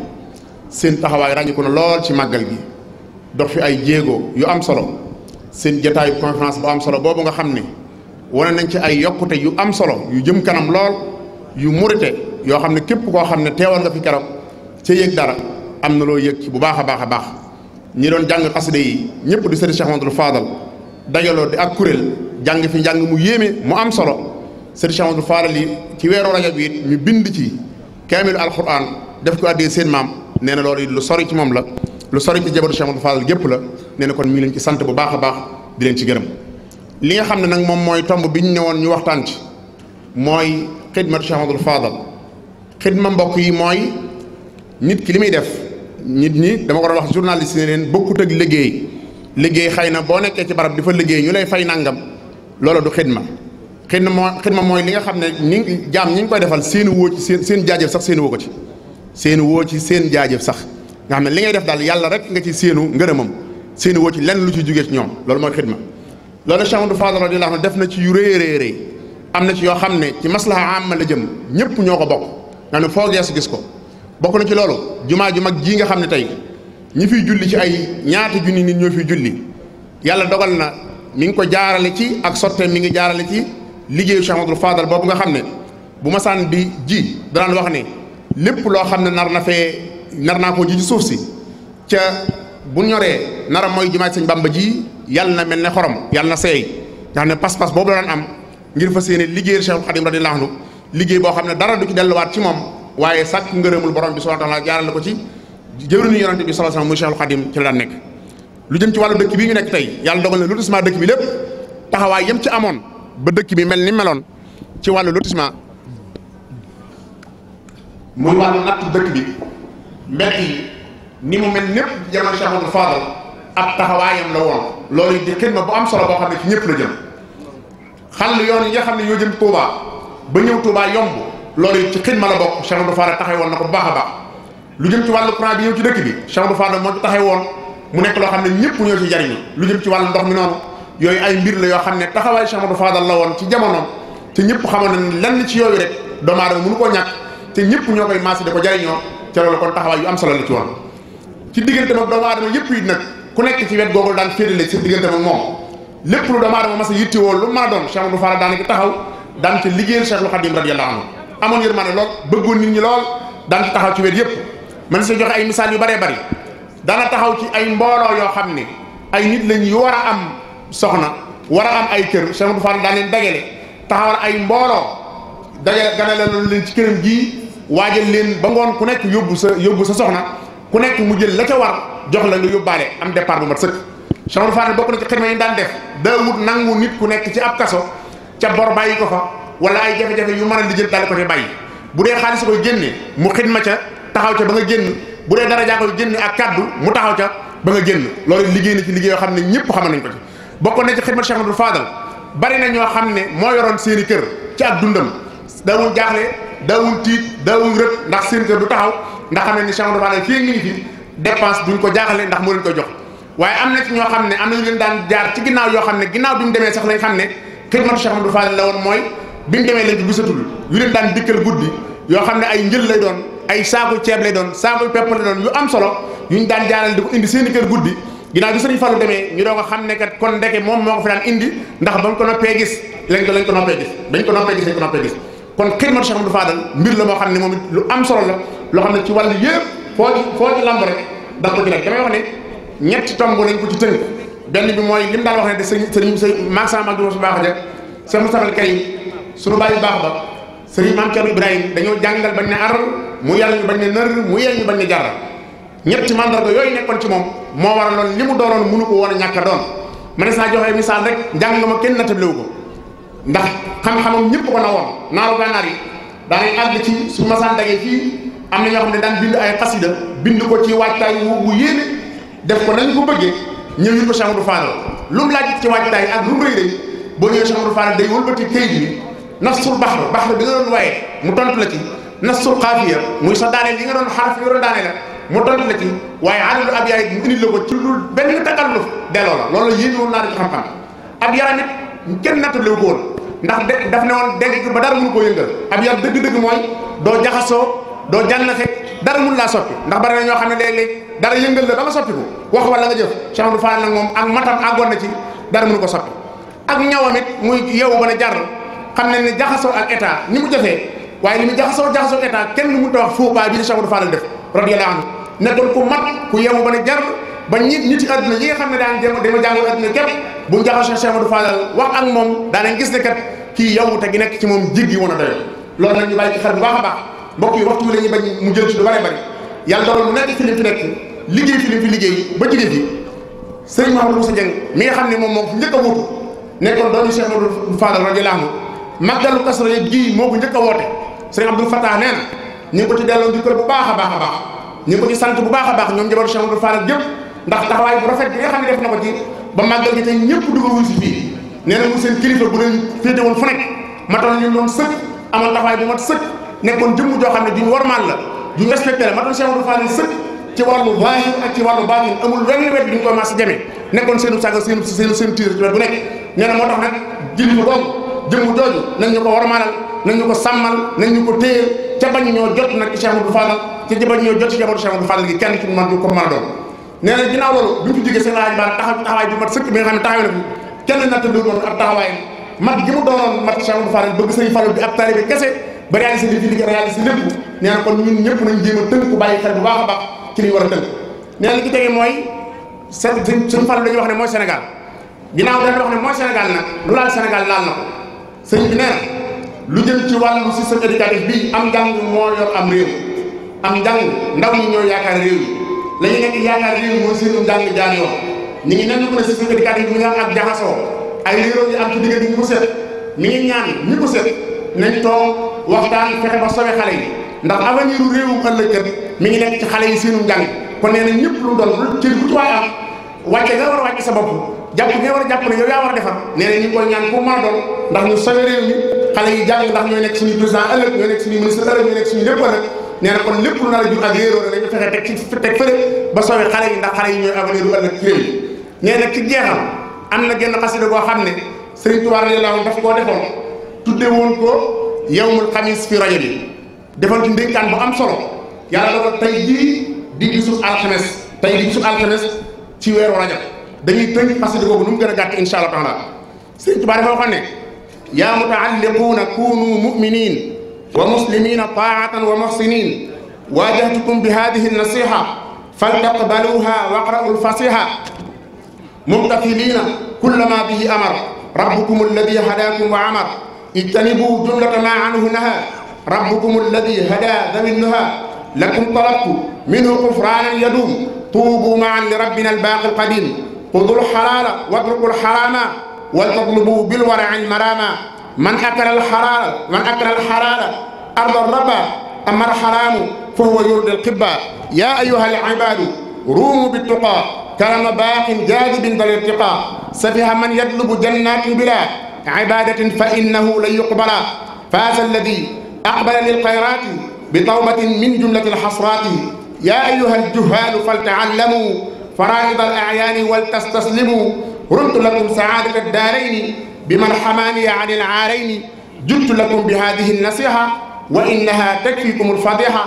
seen taxawaay ràññiku na lool ci màggal gi dox fi ay jéego yu am solo. seen jataayu conférence bu am solo boobu nga xam ni wane nañ ci ay yokkute yu am solo yu jëm kanam lool yu murite yoo xam ne képp koo xam ne teewal nga fi keroog ca yëg dara am na loo yëg ci bu baax a baax a baax ñi doon jàng xasida yi ñëpp di sëriñ Cheikh Amadou Fadal dajaloo di ak kuréel jàng fi njàng mu yéeme mu am solo sëriñ Cheikh Amadou yi ci weeru rajab yi ñu bind ci kaamilu alquran def ko addee seen maam nee na loolu lu sori ci moom la lu sori ci jabaru Cheikh Amadou Fadal gépp la nee kon mi ngi ci sant bu baax a baax di leen ci gërëm li nga xam ne nag moom mooy tomb bi ñu newoon ñu waxtaan ci mooy xidmat Cheikh Amadou Fadal xidma mbokk yi mooy nit ki li muy def nit ñi dama ko doon wax journaliste ne leen bokkut ak liggéey liggéey xëy na boo nekkee ci barab di fa liggéey ñu lay fay nangam loolu du xidma xidma moo xidma mooy li nga xam ne ni jaam ñu ngi koy defal seeni woo ci seen seen jaajëf sax seeni woo ko ci seen woo ci seen jaajëf sax nga xam li ngay def daal yàlla rek nga ci seenu ngërëmam seeni woo ci lenn lu ci jógee ci ñoom loolu mooy xidma loolu nag Cheikh Amadou Fadal radiyallahu anhu def na ci yu rëy rëy rëy am na ci yoo xam ne ci maslaha amma jëm ñëpp ñoo ko bokk nga ne foo gees gis ko bokk na ci loolu jumaa ju mag ji nga xam ne tey ñi fiy julli ci ay ñaata junni nit ñoo fi julli yàlla dogal na mi ngi ko jaarale ci ak sotte mi ngi jaarale ci liggéeyu Cheikh Amadou Fadal boobu nga xam ne bu masaan bi ji danaan wax ne lépp loo xam ne nar na fee naa koo ji suuf si bu ñoree nara mooy jumaay sëñ bàmba ji yàlla na mel ne xorom yàlla na seey nga xam ne pas-pas boobu la daan am ngir fas yéene liggéeyal Cheikhul Khadim radiyallahu anhu liggéey boo xam ne dara du ci delluwaat ci moom waaye sàkk ngërëmul borom bi subhanahu wa ta'ala jaaral la ko ci jëwriñu yonante bi sallallahu alayhi wasallam muy Cheikhul Khadim ci la daan nekk lu jëm ci wàllu dëkk bii ñu nekk tey yàlla dogal na lotissement dëkk bi lépp taxawaay yem ci amoon ba dëkk bi mel ni meloon ci wàllu lotissement muy wàllu bi ni mu mel ñëpp jamono Cheikh Amadou Fadal ab taxawaayam la woon loolu di xidma bu am solo boo xam ne ci ñëpp la jëm xàll yoon yi nga xam ne yoo jëm Touba ba ñëw Touba yomb loolu ci xidma la bokk Cheikh Amadou Fadal taxawoon na ko bu a baax lu jëm ci wàllu courant bi ñëw ci dëkk bi Cheikh Amadou Fadal moo ci taxawoon mu nekk loo xam ne ñëpp ñoo ci jariñu lu jëm ci wàllu ndox mi noonu yooyu ay mbir la yoo xam ne taxawaay Cheikh Amadou Fadal la woon ci jamonoom te ñëpp xamoon nañ lenn ci yooyu rek doomu aadama mënu koo ñàkk ñëpp ñoo koy maasi di ko jariñoo ca loolu kon taxawaay am solo la ci woon ci diggante mag doomu aadama yëpp yi nag ku nekk ci wet googul daan féetale ci diggante mag moom lépp lu doomu aadama mas a yittewoo lu mën a doon Cheikh Amadou Fall daana ci taxaw daan ci liggéeyal Cheikhul Khadim radiyallahu anhu amoon yërmande lool bëggoon nit ñi lool daan ci taxaw ci wet yëpp man si joxe ay misaal yu bare bëri dana taxaw ci ay mbooloo yoo xam ne ay nit lañ yu war a am soxna war a am ay kër Cheikh Amadou Fall daan leen dagale taxawal ay mbooloo dagale ganale leen ci këram gii waajal leen ba ngoon ku nekk yóbbu sa yóbbu sa soxna ku nekk mu jël la ca war jox la nga yóbbaale am départ bu mat sëkk Cheikh Amadou Fane bokk na ci xidma yi daan def daawut nangu nit ku nekk ci ab kaso ca bor bàyyi ko fa wala ay jafe-jafe yu mën a lijjël daal ko ca bàyyi bu dee xaalis koy génne mu xidma ca taxaw ca ba nga génn bu dee dara jaa koy ak kaddu mu taxaw ca ba nga génn loolu liggéey na ci liggéeyoo xam ne ñëpp xaman nañ ko ci bokk na ci xidma Cheikh Amadou Fadal bari na ñoo xam ne moo yoroon seen i kër ci ak dundam daawul jaaxle daawul tiit daawul rët ndax seen kër du taxaw ndax xam ne ni chambre de vallée fii ngi fi dépense duñ ko jaaxale ndax moo leen koy jox waaye am na ci ñoo xam ne am na ñu leen daan jaar ci ginnaaw yoo xam ne ginnaaw duñu demee sax lañ xam ne xidmatu la woon mooy bi mu demee lañ ko gisatul yu leen yoo xam ne ay njël lay doon ay saaku ceeb lay doon saaku pepp lay doon yu am solo yuñ daan jaaral di ko indi seen i kër guddi ginnaaw bi sëriñ Fallu demee ñu doo ko xam ne kat kon ndeke moom moo ko fi daan indi ndax bañ ko noppee gis lañ ko lañ ko noppee gis bañ ko noppee gis lañ ko noppee gis kon xidmatu Cheikh Amadou Fadal mbir la moo xam ne moom it lu am solo la loo xam ne ci wàll yëpp foo ci foo ci lamb rek da ko ci nekk damay lañ ko ci tënk bi mooy li mu daan wax ne de sëriñ sëriñ sëriñ maasam ak su baax ja sëriñ Moustapha Karim suñu bàyyi baax ba sëriñ dañoo jàngal bañ ne ar mu yàlla ñu bañ ne nër mu yel ñu bañ ne jarra ñetti mandarga moom moo waral loon li mu doonoon mënu ko woon a ñàkk a doon mënees naa joxe misaal rek njàng ma kenn na natablewu ko ndax xam-xamam ñëpp ko nawoon naaru naar yi daanay àgg ci su masaan dagee fii am na ñoo xam ne daan bind ay xasida bind ko ci waajtaay wu wu yéene def ko nañu ko bëggee ñëw yit ko Cheikh Amadou Fall lu mu laaj ci waajtaay ak lu mu rëy rëy boo ñëwee Cheikh Amadou Fall day wëlbati kayit bi nafsul baxr baxr bi nga doon waaye mu tontu la ci nafsul xaafiya muy sa daaneel yi nga doon xaraf yi nga doon daaneel mu tontu la ci waaye adadu ab mu indil ko ci lu benn takalluf delloo la loolu la yéene woon naa ci xam-xam ab ndax de daf ne woon dégg ba dara mënu koo yëngal ab yar dëgg-dëgg mooy doo jaxasoo doo jànnaxe dara mun laa soppi ndax bari na ñoo xam ne léeg-léeg dara yëngal la ba nga soppi ko wax wala nga jëf Cheikh Amadou Fall nag moom ak matam àggoon na ci dara mënu ko soppi ak ñawam it muy yow ba ne jar xam ne ne jaxasoo ak état ni mu jafee waaye li mu jaxasoo jaxasoo état kenn mënut a wax fuubaa bi ni Cheikh Amadou Fall def radiyallahu anhu nekkoon ku mat ku yeewu ba ne jar ba ñi nit yi àdduna ñi nga xam ne daan dem dama jàngal àdduna képp bu njaxasoo Cheikh Amadou Fadal wax ak moom daanañ gis ne kii yawute gi nekk ci moom jéggi woon a doyo loolu nag a baax mbokk yi waxtu nekk fi fi nekk liggéey fi fi liggéey ba jigéen ji sëriñ Mahamadou Moussa Dieng mi nga xam ne moom moom fi njëkk a wuutu nekkoon doomu Cheikh Amadou Fadal radiyallahu anhu màggalu Kazu Rajab gii moo ko njëkk a woote sëriñ Abdou Fatah nee na ñu ngi ko ci delloo njukkal bu baax a baax a baax ñu sant bu baax a baax ñoom jabaru Cheikh ndax taxawaay bu rafet bi nga xam ne def na ko ci ba màggal gi tey ñëpp dugg wuñ si fii nee mu seen kilifa bu leen féete woon fu nekk matoon ñu doon sëkk amal taxawaay bu mat sëkk nekkoon jëmm xam ne duñ warmaal la duñ respecté la matoon Cheikh Abdou Fall sëkk ci wàllu zahir ak ci wàllu baatin amul nekkoon seenu sàgga seen seen seen tiir ci wet bu nekk nee na moo tax nag kilifa boobu jëmm jooju nañ ñu ko warmaalal nañ ñu ko sàmmal nañ ñu ko ca bañ ñoo jot nag ci Cheikh Abdou ca bañ ñoo jot ci jamono Cheikh Abdou nee na ginnaaw loolu bi mu fi jógee seen laaj baara taxaw taxawaay bi mat sëkk bi xam ne taxawee na ko kenn natt du doon ab taxawaay mat gi mu doonoon mat bëgg sëñ Fallou di ab taalibe kese ba réalisé li lépp nee na kon ñun ñëpp nañ jéem a tënk ko bàyyi xel bu baax a baax ci li war a tënk nee na li mooy seen sëñ Fallou dañuy wax ne mooy Sénégal ginnaaw dañuy wax ne mooy Sénégal nag lu laal Sénégal laal na ko sëñ bi nee lu jëm ci wàllu si éducatif bi am njàng moo yor am am njàng ndaw ñi ñoo yaakaar la ñu nekk yaakaar réew mooy seen njàng jaar yoon ñu ngi nenn ko ne si suñu kàddu yi ñu nga ak jaxasoo ay réeróo yu am ci diggante ñu ko set mi ngi ñaan ñu ko set nañ toog waxtaan fexe ba sowe xale yi ndax avenir u réewum ëllëg kat mi ngi nekk ci xale yi seenu njàng kon nee na ñëpp lu doon cër bu ci waay am wàcce nga war a wàcce sa bopp jàpp nga war a jàpp ne yow yaa war a nee na ñu ngi koy ñaan pour maa doon ndax ñu sowe réew mi xale yi nee na kon lépp lu nar a jur ak réeroo dañu fexe teg ci teg fële ba sowe xale yi ndax xale yi ñooy avenir bu ëllëg ci réew na ci jeexam am na genn xasida goo xam ne Sëriñ Tuubaa radiyallaahu daf koo defoon tudde woon ko yawmul xamis fi rajo bi defal ci ndénkaan bu am solo yàlla la ko tey jii di gisul alxames tey di gisul alxames ci weeru rajab dañuy tënk xasida googu nu mu gën a gàtt insha allah taala Sëriñ Tuubaa dafa waxoon ne yaa mutaalliquuna kuunu muminin ومسلمين طاعة ومحسنين واجهتكم بهذه النصيحة فلتقبلوها واقرأوا الفصيحة مبتخلين كل ما به أمر ربكم الذي هداكم وعمر اجتنبوا جملة ما عنه نهى ربكم الذي هدى ذوي النهى لكم طلبت منه غفرانا يدوم طوبوا معا لربنا الباقي القديم خذوا الحلال واتركوا الحرام ولتطلبوا بالورع المرامى man akaral xaraara man akaral xaraara arda raba amar xaraamu fa huwa yurdi alqibba yaa ayuha alibaadu ruumu bittuqa karama baaqin jaadibin dal irtiqa safiha man yatlubu jannatin bila ibadatin fa innahu lan yuqbala faasa alladi aqbala lilxayraati bitawbatin min jumlati alxasraati yaa ayuha aljuhaalu faltaallamuu faraa'id alacyaani waltastaslimuu runtu lakum saadata addaarayni biman xamaaniya an il aarayni juttu lakum bi hadihi nasiha wa innaha takfikum alfadiha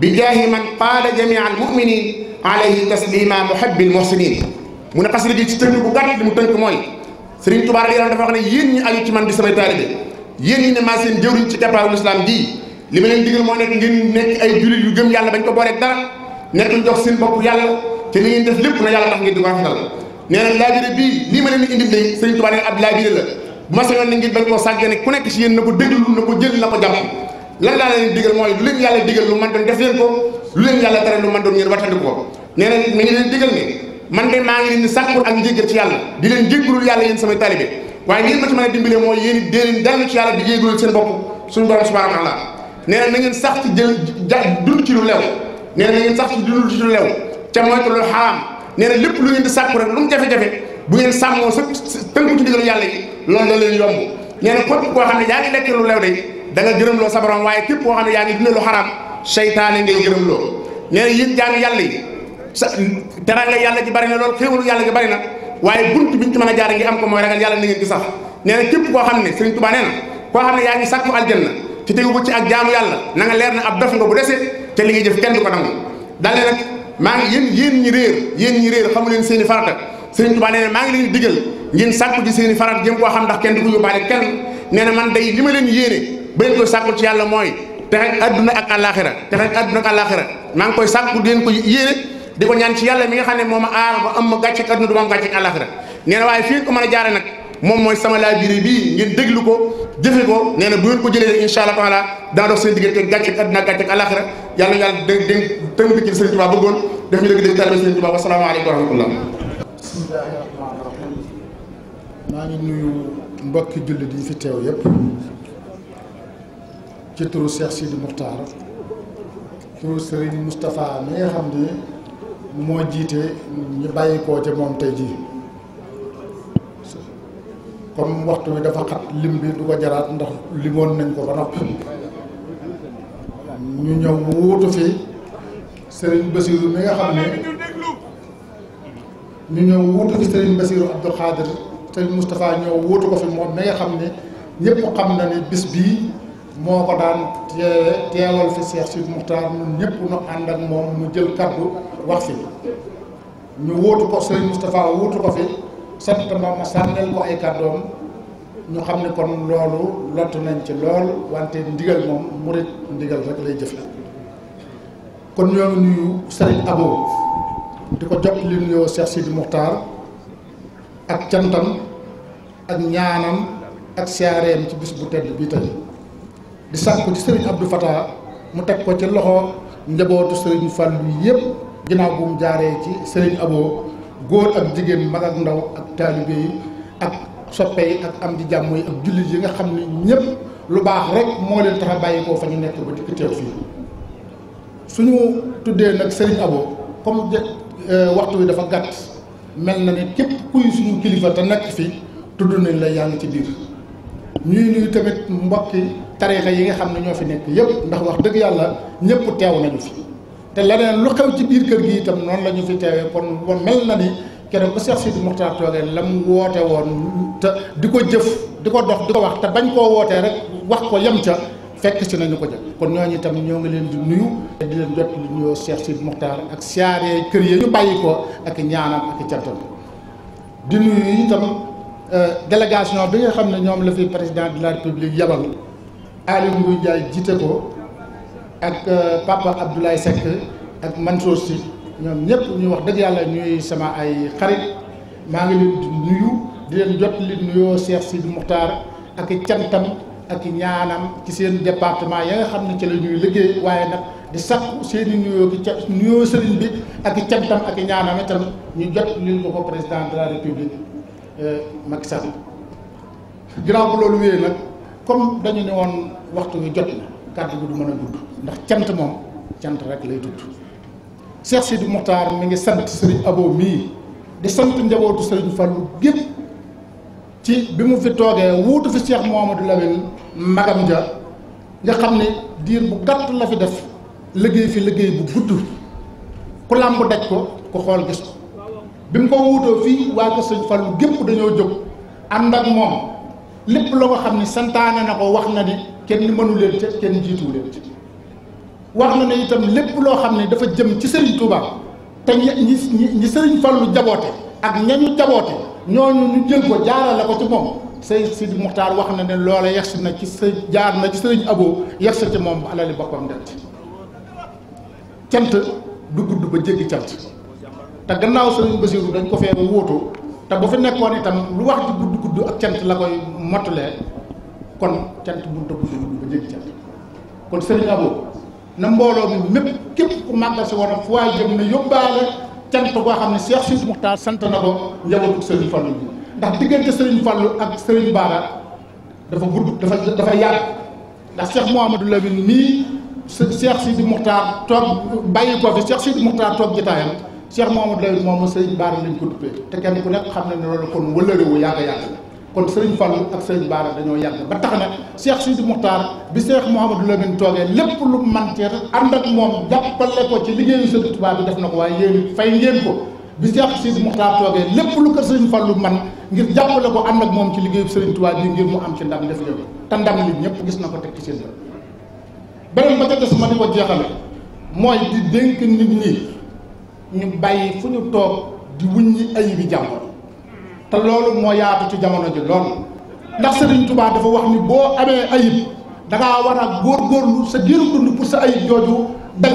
bi jaahi man qaala jamia almuminin alayhi taslima muhibi almuhsinin mu ne xasida gi ci tënk bu gàtt li mu tënk mooy Sëriñ Tuubaa radiyallaahu anhu dafa wax ne yéen ñi ci man di samay taalibe yéen ñi ne maa seen jëwriñ ci capaaru lislaam li ma leen digal moo nekk ngeen nekk ay jullit yu gëm yàlla bañ ko booleeg dara nekk jox seen bopp yàlla te li ngeen def lépp na yàlla tax ngeen di ko nee na laabire bii lii ma leen di indi léegi sëriñ Tuubaa nee na ab laabire la bu ma sañoon ne ngir bañ koo sàggane ku nekk ci yéen na ko déglu na ko jël na ko jàpp lan laa leen digal mooy lu leen yàlla digal man doon def leen ko lu leen yàlla tere lu man doon ngeen wattandiku ko nee na ne man de maa ngi leen di sàkku ak njéggal ci yàlla di leen jéggalul yàlla yéen samay taalibe waaye ngeen ma ci mën a dimbalee mooy yéen it dee leen dellu ci yàlla di jéggalul seen bopp suñu borom subhanahu wa taala nee na na ngeen sax ci jël dund ci sax ci dund ci lu lew nee na lépp lu ngeen di sàkku rek lu mu jafe-jafe bu ngeen sàmmoo sa tënku ci ndigalu yàlla yi loolu la leen yomb nee na képp koo xam ne yaa ngi lekk lu lew de da nga gërëmloo sa borom waaye képp koo xam ne yaa ngi dina lu xaraam seytaane ngay gërëmloo nee na yéen jaamu yàlla yi sa teranga yàlla ji bari na lool xéewalu yàlla ji bari na waaye bunt bi ci mën a jaar ngi am ko mooy ragal yàlla na ngeen di sax nee képp koo xam ne Sëriñ Tuubaa nee na koo xam ne yaa ngi sàkku aljanna ci tegu bu ci ak na nga leer na ab dof li ngay jëf kenn du ko nangu maa ngi yéen yéen ñi réer yéen ñi réer xamu leen seen i farata sëriñ Tuubaa nee maa ngi leen di digal ngeen sàkku ci seen i jëm koo xam ndax kenn du ko yóbbaale kenn nee na man day li ma leen yéene ba leen koy sàkku ci yàlla mooy texe àdduna ak àllaaxira texe àdduna ak àllaaxira maa ngi koy sàkku di leen ko yéene di ko ñaan ci yàlla mi nga xam ne moo ma aar ba am ma gàcce ak adduna du ma am gàcce ak àllaaxira nee na waaye fii ko mën a jaare moom mooy sama laabiri bii ngeen déglu ko jëfe ko nee na bu ngeen ko jëlee rek incha allah taala daa dox seen diggante gàcceeg àddina gàcceeg àlaxira yàlla yàlla dégg dégg tënk ci Sëriñ Tuubaa bëggoon def ñu dëgg dëgg taalibe Sëriñ Tuubaa wasalaamaaleykum wa rahmatullah bismillahi rahmaani rahim ngi nuyu mbokki jullit yi fi teew yépp ci turu Cheikh Sidi Muxtaar turu Sëriñ xam ne moo jiite ñu bàyyi koo ca moom tey jii comme waxtu bi dafa xat lim bi du ko jaraat ndax limoon nañ ko ba noppi ñu ñëw wuutu fi sëriñ Basiiru mi nga xam ne ñu ñëw wuutu fi sëriñ Basiiru Abdul Xaadir sëriñ Moustapha ñëw wuutu ko fi moom mi nga xam ne ñëpp xam na ne bis moo ko daan teewal fi Cheikh nu ànd moom mu jël kaddu wax fi ñu wuutu ko sëriñ Moustapha wuutu ko fi sant ma ma sànnal ko ay kàddoom ñu xam ne kon loolu lott nañ ci lool wante ndigal moom murit ndigal rek lay jëfe la kon ñoo ngi nuyu Serigne Abo di ko jot li nuyoo Cheikh Sidi Muxtaar ak cantam ak ñaanam ak siyaareem ci bis bu tedd bii tey di sàkku ci Serigne Abdou Fatah mu teg ko ci loxo njabootu Serigne Fallou yëpp ginnaaw bu mu jaaree ci Serigne Abo góor ak jigéen mag ak ndaw ak taalibe yi ak soppe yi ak am di jàmm yi ak jullit yi nga xam ne ñëpp lu baax rek moo leen tax a bàyyi koo fa ñu nekk ba dikk teew fii suñu tuddee nag Serigne Abo comme euh, waxtu wi dafa gàtt mel na ne képp kuy suñu kilifa te nekk fii tudd nañ la yaa ci biir ñuy nuyu tamit mbokki tarixa yi nga xam ne ñoo fi nekk yëpp ndax wax dëgg yàlla ñëpp teew nañu fi te leneen lu xew ci biir kër gi itam noonu la ñu fi teewee kon ba mel na ni keneen ba Cheikh Sidi Moukhtar toogee la mu woote woon te di ko jëf di ko dox di ko wax te bañ koo wootee rek wax ko yam ca fekk si nañu ko jëf kon ñooñu itam ñoo ngi leen di nuyu di leen jot lu nuyoo Cheikh Sidi Moukhtar ak siyaare kër yi ñu bàyyi ko ak ñaanam ak cantam di nuyu itam euh, délégation bi nga xam ne ñoom la fi président de la république yabal Aly Ngouille Ndiaye jiite ko. ak euh, papa Abdoulaye Seck ak Mansour Sy ñoom ñëpp ñu wax dëgg yàlla ñuy sama ay xarit maa ngi leen di nuyu di leen jot li nuyoo Cheikh Sidi Moukhtar ak cantam ak ñaanam ci seen département ya nga xam ne ci la ñuy liggéey waaye nag di sakku seen i nuyoo sëriñ bi ak cantam ak ñaanam itam ñu jot li ko ko président de la république euh, Macky Sall. ginnaaw bu loolu wéyee nag comme dañu ne woon waxtu wi jot na. kàddu bi du mën a gudd ndax cant moom cant rek lay tudd Cheikh Sidi Mokhtar mi ngi sant Serigne Abo mii di sant njabootu Serigne Fallou gépp ci bi mu fi toogee wuutu fi Cheikh Mouhamadou Lamine magam ja nga xam ne diir bu gàtt la fi def liggéey fi liggéey bu gudd ku làmb daj ko ku xool gis ko bi mu ko wuutoo fii waa ko Serigne Fallou gépp dañoo jóg ànd ak moom lépp loo ko xam ne santaane na ko wax na ni kenn mënu leen ca kenn jiituwu leen ci wax na ne itam lépp loo xam ne dafa jëm ci Serigne Touba te ñi ñi ñi Serigne Fallou jaboote ak ñañu jaboote ñooñu ñu jël ko jaarale ko ci moom say Sidi Muxtaar wax na ne loola yegsi na ci sa jaar na ci Serigne Abo yegsi ci moom alali boppam dent cant du gudd ba jéggi cant te gannaaw Serigne Bassirou dañ ko fee wóotu te bu fi nekkoon itam lu wax di gudd gudd ak cant la koy mottalee kon cant bunta gudd gudd ba jéggi cant kon sëriñ Abo na mbooloo mi mépp képp ku màggal si waram fu waay jëm ne yóbbaale cant boo xam ne Cheikh Sis Muxtaar sant na ko njabootu sëriñ Fallu ndax diggante sëriñ Fallu ak sëriñ Baara dafa gudd dafa dafa yàgg ndax Cheikh Mouhamadou Lamine nii Cheikh Sidi Muxtaar toog bàyyi ko fi Cheikh Sidi Muxtaar toog jotaayam Cheikh Mouhamadou Lamine moom sëriñ Baara lañ ko duppee te kenn ku nekk xam ne ne loolu kon wëllëre wu yàgg yàgg la kon Serigne Fallou ak Serigne Bara dañoo yàgg ba tax na Cheikh Sidi Moukhtar bi Cheikh Mouhamadou Lamine toogee lépp lu man ci ànd ak moom jàppale ko ci liggéeyu Serigne Touba bi def na ko waaye yéen fay ngeen ko bi Cheikh Sidi Moukhtar toogee lépp lu kër Serigne Fallou man ngir jàppale ko ànd ak moom ci liggéeyu Serigne Touba bi ngir mu am ci ndam def yooyu te ndam li ñëpp gis na ko teg ci seen beneen ba ca des ma di ko jeexale mooy di dénk nit ñi ñu bàyyi fu ñu toog di wuññi ayi bi te loolu moo yaatu ci jamono ji lool ndax Serigne Touba dafa wax ni boo amee ayib da ngaa war a góorgóorlu sa diiru dund pour sa ayib jooju dañ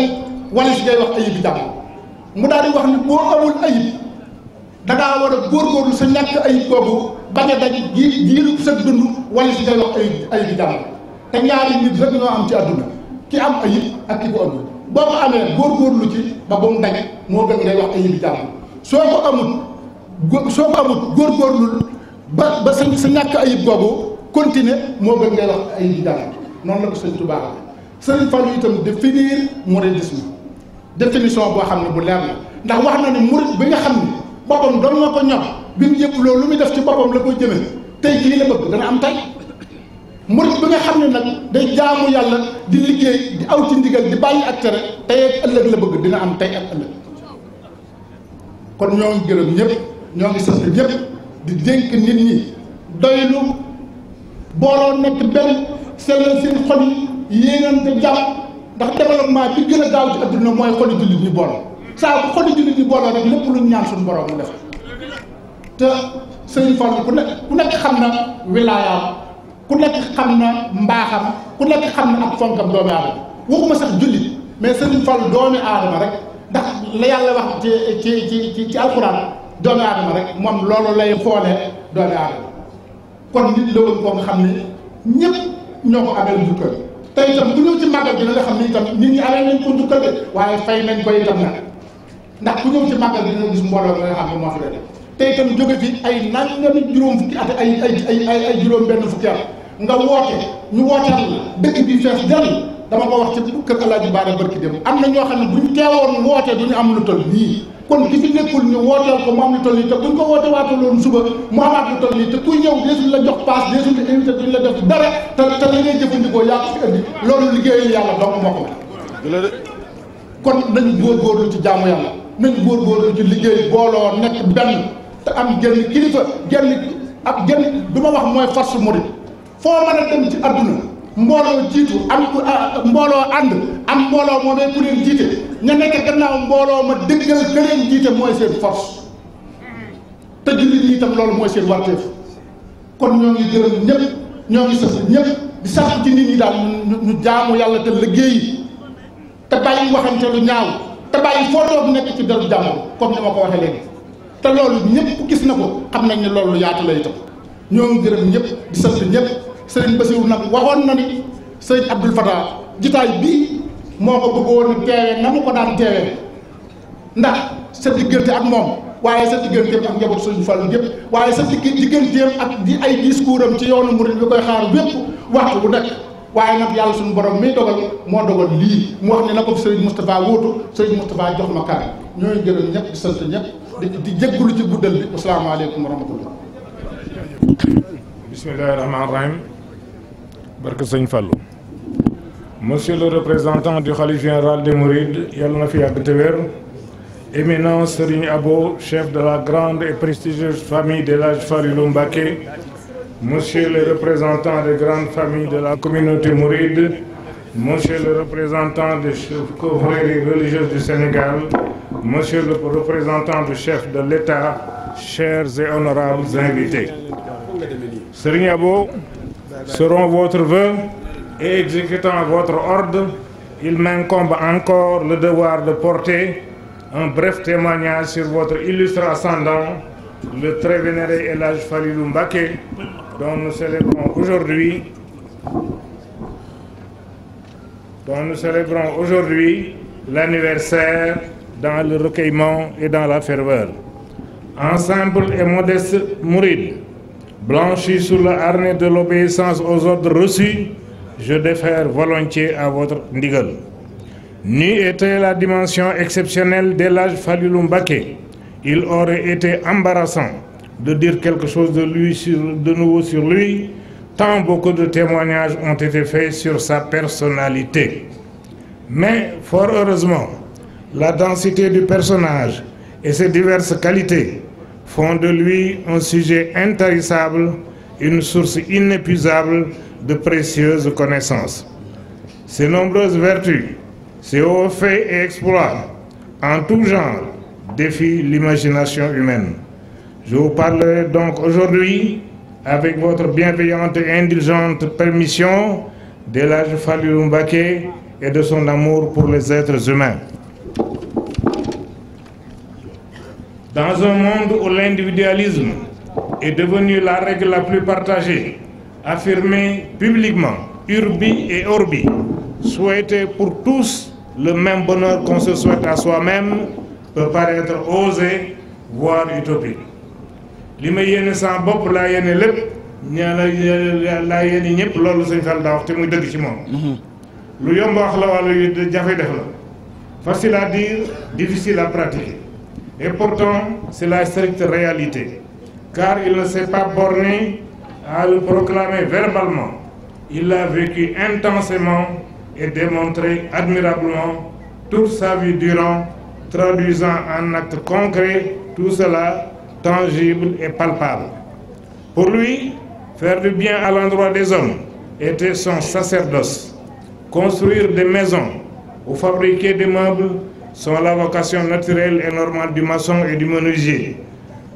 wala si ngay wax ayib bi jamono mu daal di wax ni boo amul ayib da war a góorgóorlu sa ñàkk ayib boobu bañ a dañ diiru sa dund wala si ngay wax ayib ayib bi te ñaari nit sa ñoo am ci àdduna ki am ayib ak ki ko amul boo ko amee góorgóorlu ci ba ba mu moo gën ngay wax ayib bi jamono soo ko amul. gó soo ko amut góorgóorlu ba ba sa sa ñàkk ayib googu continuer moo gën ngay wax ayib jàmm noonu la ko sëñ Tuubaa la sëriñ Fallu itam définir mouridisme soo boo xam ne bu leer la ndax wax na ne murid bi nga xam ne boppam doon na ko ñor bi mu yëpp loolu lu muy def ci boppam la koy jëme tey jii la bëgg dana am tey murid bi nga xam ne nag day jaamu yàlla di liggéey di aw ci ndigal di bàyyi ak tere tey ak ëllëg la bëgg dina am tey ak ëllëg kon ñoo ngi ñoo ngi sas ñëpp di dénk nit ñi doylu booloo nekk benn sellal seen xol yi yéenante jàpp ndax développement bi gën a gaaw ci adduna mooy xoli jullit ñi booloo saa bu xoli jullit ñi booloo rek lépp luñ ñaan suñu borom def te sëñ Fallu ku nekk ku nekk xam na wilaayaam ku nekk xam na mbaaxam ku nekk xam na ak fonkam doomi aadama waxuma sax jullit mais sëñ Fallu doomi aadama rek ndax la yàlla wax ci ci ci ci alxuraan doomi aadama rek moom loolu lay xoolee doomi aadama kon nit la woon koo xam ne ñëpp ñoo ko amee njukkal tey itam ku ñëw ci màggal gi na nga xam ne itam nit ñi amee nañ ko njukkal de nañ ko itam nag ndax ku ñëw ci màggal gi dina mbooloo nga xam moo fi la def tey itam jóge fi ay nangami juróom fukki at juróom benn fukki at nga woote ñu wooteel la dëkk bi fees dell dama ko wax ci kër Alaaji Baara barki dem am na ñoo xam ne bu ñu teewoon woote du ñu am lu toll nii kon gisi nekkul ñu wooteel ko mu am lu toll nii te buñ ko woote waataloon suba mu amaat lu toll nii te kuy ñëw deesul la jox paas deesul la invité duñ la def dara te te li ngay jëfandikoo yaa ko fi indi loolu liggéeyal yàlla dong moo ko kon nañ góorgóorlu ci jaamu yàlla nañ góorgóorlu ci liggéey booloo nekk benn te am genn kilifa genn ak genn du ma wax mooy force murid foo mën a dem ci adduna mbooloo jiitu am mbooloo ànd am mbooloo moomee ku leen jiite ña nekk gannaaw mbooloo ma dëggal ka leen jiite mooy seen force te jullit ñi itam loolu mooy seen warteef kon ñoo ngi gërëm ñëpp ñoo ngi sës ñëpp di sàpp ci nit ñi daal ñu jaamu yàlla te liggéeyi te bàyyi waxante lu ñaaw te bàyyi foo toog nekk ci deru jàmm comme ni ko waxee te loolu ñëpp gis na ko xam nañ ne loolu yaatu la itam ñoo ngi gërëm ñëpp di sës ñëpp. sëriñ Basiru nag waxoon na ni sëriñ Abdul Fatah jitaay bii moo ko bëggoon teewee na mu ko daan teewee ndax sa diggante ak moom waaye sa digganteem ak njaboot sëriñ Fallu yëpp waaye sa digganteem ak di ay discours am ci yoonu murid bi koy xaar bépp waxtu bu nekk waaye nag yàlla suñu borom mi dogal moo dogal lii mu wax ne na ko sëriñ Moustapha wóotu sëriñ Moustapha jox ma kàddu ñooy gërëm ñëpp di sant ñëpp di di jégalu ci guddal bi asalaamaaleykum wa rahmatullah bismillahi rahmaani rahim barke sëñ Fallou monsieur le représentant du khalife général des Mourides yàlla na fi yàgg te wér éminence Serigne Abo chef de la grande et prestigieuse famille de l'Hadj Falilou Mbacké monsieur le représentant des grandes familles de la communauté mouride monsieur le représentant des confréries religieuses du Sénégal monsieur le représentant du chef de l'État chers et honorables invités Serigne Abo seront votre vœu et exécutant votre ordre, il m'incombe encore le devoir de porter un bref témoignage sur votre illustre ascendant, le très vénéré Elhaj Falilou Mbacké, dont nous célébrons aujourd'hui dont nous célébrons aujourd'hui l'anniversaire dans le recueillement et dans la ferveur. Ensemble et modeste mouride Blanchi sur la harnais de l'obéissance aux ordres reçus, je défère volontiers à votre ndigal. N'eût été la dimension exceptionnelle des l'âge Falilou Mbacké, il aurait été embarrassant de dire quelque chose de lui sur, de nouveau sur lui, tant beaucoup de témoignages ont été faits sur sa personnalité. Mais fort heureusement, la densité du personnage et ses diverses qualités font de lui un sujet intarissable, une source inépuisable de précieuses connaissances. Ses nombreuses vertus, ses hauts faits et exploits, en tout genre, défient l'imagination humaine. Je vous parlerai donc aujourd'hui, avec votre bienveillante et indulgente permission, de l'âge Fali Mbacké et de son amour pour les êtres humains. Dans un monde où l'individualisme est devenu la règle la plus partagée, affirmée publiquement, urbi et orbi, souhaiter pour tous le même bonheur qu'on se souhaite à soi-même peut paraître osé, voire utopique. li ma yéene sans bopp laa yéene lépp la laa yéene ñëpp loolu suñ fel daa wax te muy dëgg ci moom mhm. lu yomb wax la wala yu jafe def la facile à dire difficile à pratiquer Et pourtant, c'est la stricte réalité, car il ne s'est pas borné à le proclamer verbalement. Il l'a vécu intensément et démontré admirablement toute sa vie durant, traduisant en actes concrets tout cela tangible et palpable. Pour lui, faire du bien à l'endroit des hommes était son sacerdoce. Construire des maisons ou fabriquer des meubles sont la vocation naturelle et normale du maçon et du menuisier.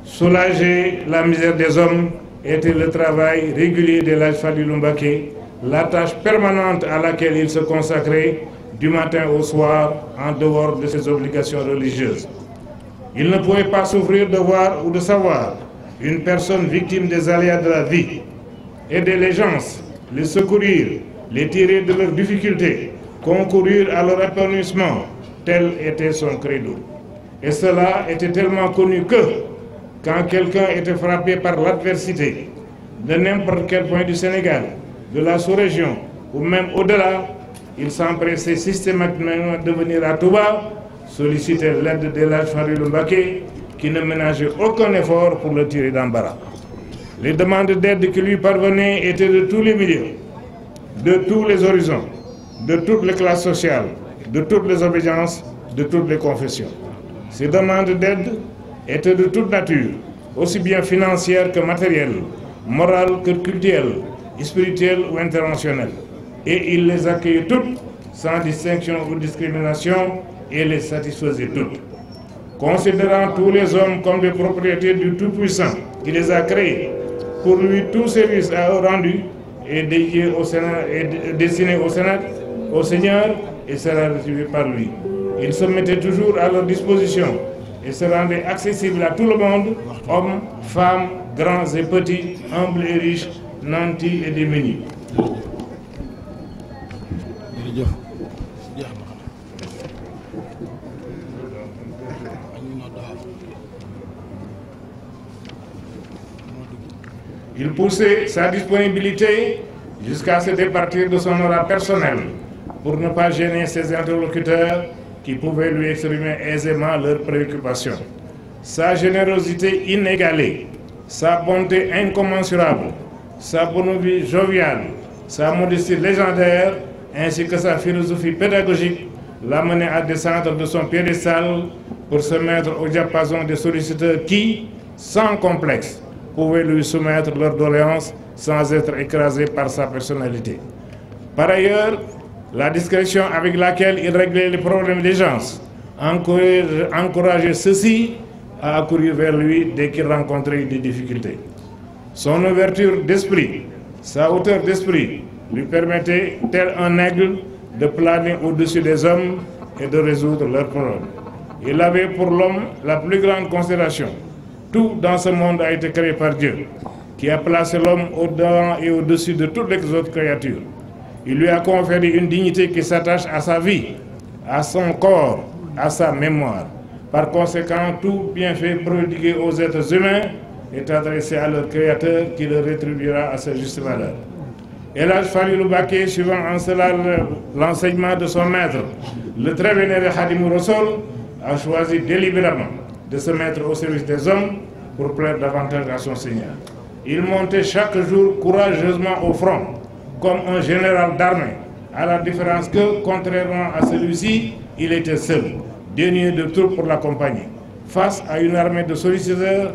Soulager la misère des hommes était le travail régulier de l'âge Fadi Lumbake, la tâche permanente à laquelle il se consacrait du matin au soir en dehors de ses obligations religieuses. Il ne pouvait pas souffrir de voir ou de savoir une personne victime des aléas de la vie, aider les gens, les secourir, les tirer de leurs difficultés, concourir à leur épanouissement, Tel était son credo. Et cela était tellement connu que quand quelqu'un était frappé par l'adversité de n'importe quel point du Sénégal, de la sous-région ou même au-delà, il s'empressait systématiquement de venir à Touba solliciter l'aide de l'Haj Fadilou Mbacké qui ne ménageait aucun effort pour le tirer d'embarras. Les demandes d'aide qui lui parvenaient étaient de tous les milieux, de tous les horizons, de toutes les classes sociales. de toutes les obédiences, de toutes les confessions. Ces demandes d'aide étaient de toute nature, aussi bien financières que matérielles, morales que culturelles, spirituelles ou interventionnelles. Et il les accueillait toutes, sans distinction ou discrimination, et les satisfaisait toutes. Considérant tous les hommes comme des propriétés du Tout-Puissant qui les a créés, pour lui tout service à eux rendu est dédié destiné au Sénat, au Seigneur et sera retribué par lui. Il se mettait toujours à leur disposition et se rendait accessible à tout le monde, hommes, femmes, grands et petits, humbles et riches, nantis et démunis. Il poussait sa disponibilité jusqu'à se départir de son aura personnelle. pour ne pas gêner ses interlocuteurs qui pouvaient lui exprimer aisément leurs préoccupations. Sa générosité inégalée, sa bonté incommensurable, sa bonhomie joviale, sa modestie légendaire, ainsi que sa philosophie pédagogique l'amenaient à descendre de son piédestal pour se mettre au diapason des solliciteurs qui, sans complexe, pouvaient lui soumettre leurs doléances sans être écrasés par sa personnalité. Par ailleurs, La discrétion avec laquelle il réglait les problèmes des gens encourageait ceux à accourir vers lui dès qu'ils rencontraient des difficultés. Son ouverture d'esprit, sa hauteur d'esprit lui permettait, tel un aigle, de planer au-dessus des hommes et de résoudre leurs problèmes. Il avait pour l'homme la plus grande considération. Tout dans ce monde a été créé par Dieu, qui a placé l'homme au-devant et au-dessus de toutes les autres créatures. Il lui a conféré une dignité qui s'attache à sa vie, à son corps, à sa mémoire. Par conséquent, tout bienfait prodigué aux êtres humains est adressé à leur Créateur qui le rétribuera à sa juste valeur. El Hadj Falilou Mbacké, suivant en cela l'enseignement de son maître, le très vénéré Khadimou Rassoul, a choisi délibérément de se mettre au service des hommes pour plaire davantage à son Seigneur. Il montait chaque jour courageusement au front comme un général d'armée, à la différence que, contrairement à celui-ci, il était seul, dénué de troupes pour l'accompagner, face à une armée de solliciteurs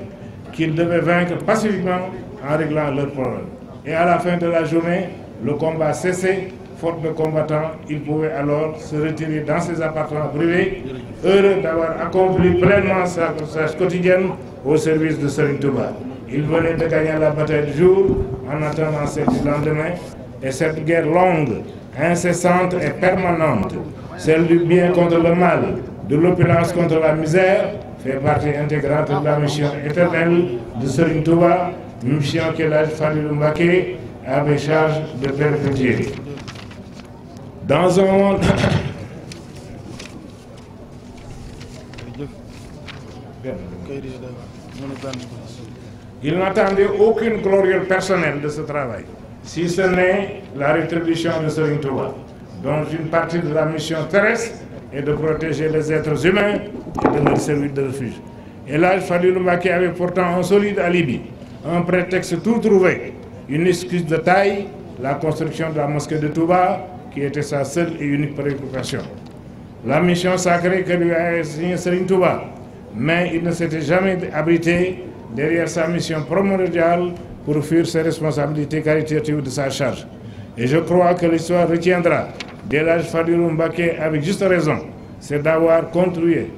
qu'il devait vaincre pacifiquement en réglant leurs problèmes. Et à la fin de la journée, le combat cessait, faute de combattants, il pouvait alors se retirer dans ses appartements privés, heureux d'avoir accompli pleinement sa tâche quotidienne au service de Serigne Touba. Il de lendemain. et cette guerre longue, incessante et permanente, celle du bien contre le mal, de l'opulence contre la misère, fait partie intégrante de la mission éternelle de Serigne mission que l'âge Fallou Mbacké avait charge de perpétuer. Dans un monde *coughs* Il n'attendait aucune gloriole personnelle de ce travail. si ce n'est la rétribution de Serigne Touba dont une partie de la mission terrestre est de protéger les êtres humains et de leur servir de refuge et là Fadilou Mbacké avait pourtant un solide alibi un prétexte tout trouvé une excuse de taille la construction de la mosquée de Touba qui était sa seule et unique préoccupation la mission sacrée que lui a assignée Serigne Touba mais il ne s'était jamais abrité derrière sa mission primordiale pour fuir ses responsabilités caritatives de sa charge. Et je crois que l'histoire retiendra d'Elhadj Fadilou Mbacké avec juste raison, c'est d'avoir contribué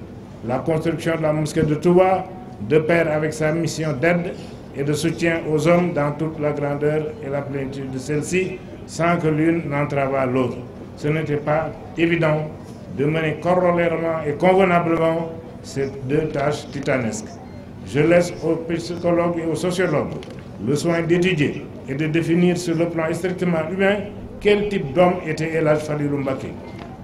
la construction de la mosquée de Touba de pair avec sa mission d'aide et de soutien aux hommes dans toute la grandeur et la plénitude de celle-ci, sans que l'une n'entravât l'autre. Ce n'était pas évident de mener corollairement et convenablement ces deux tâches titanesques. Je laisse aux le soin d'étudier et de définir sur le plan strictement humain quel type d'homme était El Hadj Fadilou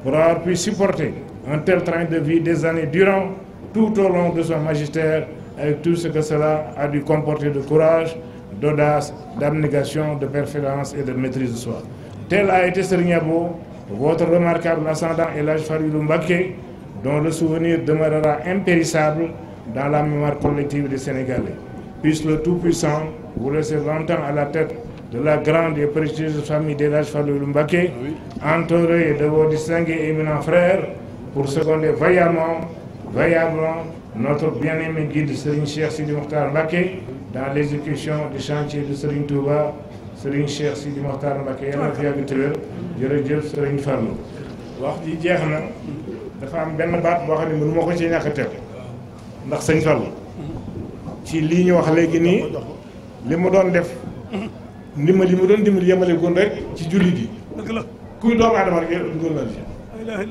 pour avoir pu supporter un tel train de vie des années durant tout au long de son magistère avec tout ce que cela a dû comporter de courage d'audace d'abnégation de persévérance et de maîtrise de soi tel a été Serigne Abo votre remarquable ascendant El Hadj Fadilou dont le souvenir demeurera impérissable dans la mémoire collective vous restez longtemps à la tête de la grande et prestigieuse famille des Hadj Fallou Mbacké, ah entouré de vos distingués et éminents frères, pour seconder vaillamment, vaillamment notre bien-aimé guide Serigne Cheikh Sidi Mokhtar Mbacké dans l'exécution du chantier de Serigne Touba, Serigne Cheikh Sidi Mokhtar Mbacké yàlla na fi yàgg te wér, jërëjëf Serigne Fallou. wax ji jeex na dafa am benn baat boo xam ne mënu ma ko ci ñàkk a teew ndax Serigne Fallou ci lii ñu wax léegi nii. li mu doon def ndimbal yi mu doon dimbali yemale goon rek ci jullit yi kuy doomu aadama rek goon lan si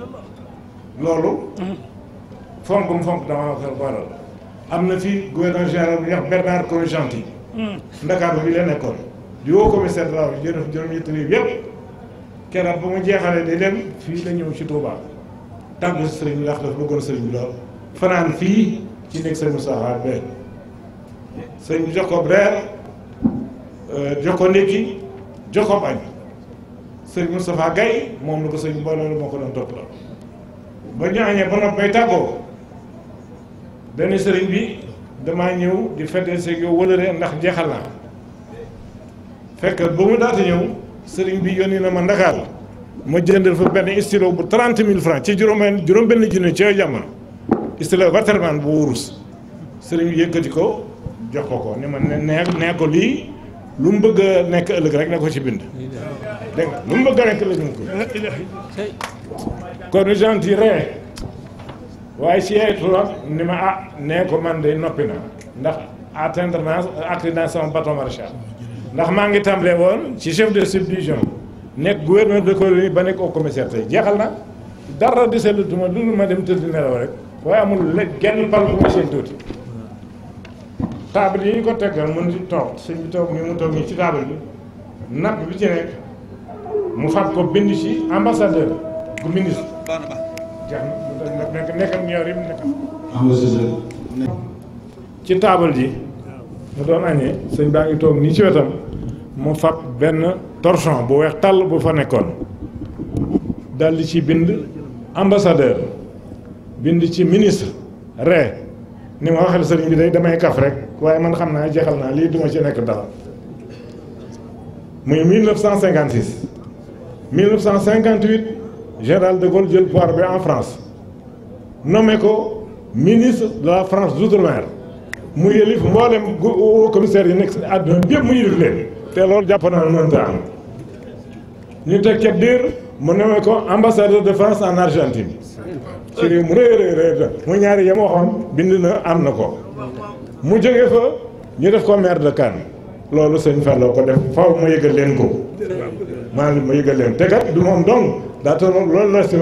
loolu mhm. fonk mu fonk dama ko boolal am na fi gouverneur général bu ñax Bernard Corngentil mhm. Ndakaaru bi la nekkoon di woo commissaire de la route jërëjëf juróom-ñetti réew ba mu jeexalee di dem fii la ñëw ci Touba tàggu si sëriñ bi ndax dafa bëggoon sëriñ bi lool fanaan fii ci nekk sëriñ Moussa Fall sëriñ bi jox ko reer joko ko joko bañ sëñ Moustapha Gaye moom la ko sëñ Mbooloo moo ko doon topp la ba ñu añee ba nopp bay tàggoo dañu sëriñ bi damaa ñëw di fete seeg yow wëlëre ndax jeexal naa fekk ba mu daata ñëw sëriñ bi yónni na ma Ndakaar ma jëndal fa benn stylo bu trent mille francs ci juróom-benn juróom-benn junni ci jamono stylo Waterman bu wurus sëriñ bi yëkkati ko jox ko ko ne ma ne ko lii lu mu bëgg nekk ëllëg rek na ko ci bind dégg lu mu bëgg a nekk ëllëg na ko kon gentil waaye si yaay ni ma ah nee ko man de noppi na ndax atteindre naa accri naa sama bateau maréchal ndax maa ngi tàmbalee woon ci chef de subdivision nekk gouverneur de colonie ba nekk au commissaire tey jeexal na dara deselatuma lu ma dem tëdd nelaw rek waaye amul genn pal bu ma seen tuuti table yi ñu ko teg mën di toog sëñ bi toog nii mu toog nii ci table bi napp bi ci nekk mu fab ko bind ci ambassadeur gu ministre ci taabal yi mu doon añee sëñ baa ngi toog nii ci wetam mu fab benn torchon bu weex tàll bu fa nekkoon daldi ci bind ambassadeur bind ci ministre ree ni ma waxal sëriñ bi day damay kaf rek waaye man xam naa jeexal naa lii duma ci nekk dara muy 1956 1958 général de Gaulle jël pouvoir bi en France nommé ko ministre de la France d'outre-mer mu yëlif mboolem commissaire yi nekk si àdduna mu yëlif leen te loolu jàpp naa te am ñu teg ca diir mu nommé ko ambassadeur de France en Argentine ci réew mu rëy rëy mu ñaari yam bind na am na ko mu jóge fa ñu def ko maire loolu sëñ Fallou ko def faw ma yëgal leen ko maa ngi ma yëgal leen te kat du moom dong daa loolu la si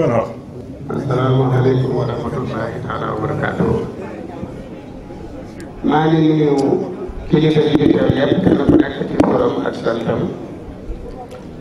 a wax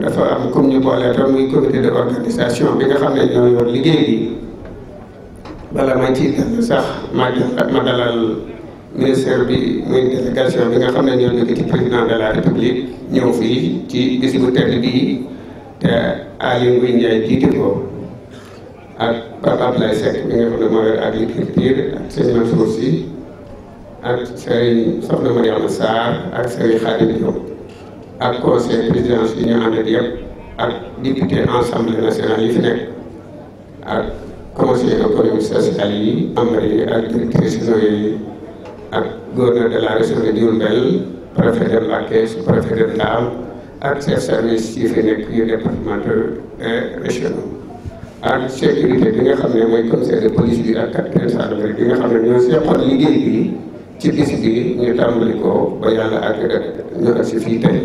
dafa am comme ñu boolee tam muy comité de organisation bi nga xam ne ñoo yor liggéey bi bala ma ciy gën sax ma ministère bi muy délégation bi nga xam ne ñoo jóge ci président de la république ñëw fii ci bis bu tedd bii te Aly Ngouille Ndiaye ko ak Pape Abdoulaye Seck bi nga xam ne moo agriculture ak sëñ Mansour Sy ak Serigne Soxna ak Serigne Khadim Diop ak conseil présidence yi ñu àndal yëpp ak député assemblée nationale yi fi nekk ak conseil économique social yi membres yi ak directeurs saisonniers yi ak gouverneur de la région de Diourbel préfet de Mbacké sous-préfet ak service yi fi nekk yu départementaux et régionaux ak sécurité bi nga xam ne mooy commissaire de police bi ak capitaine gendarmerie bi nga xam ne ñoo seqoon liggéey bi ci bis bi tàmbali ko ba yàlla ak ñu agsi fii tey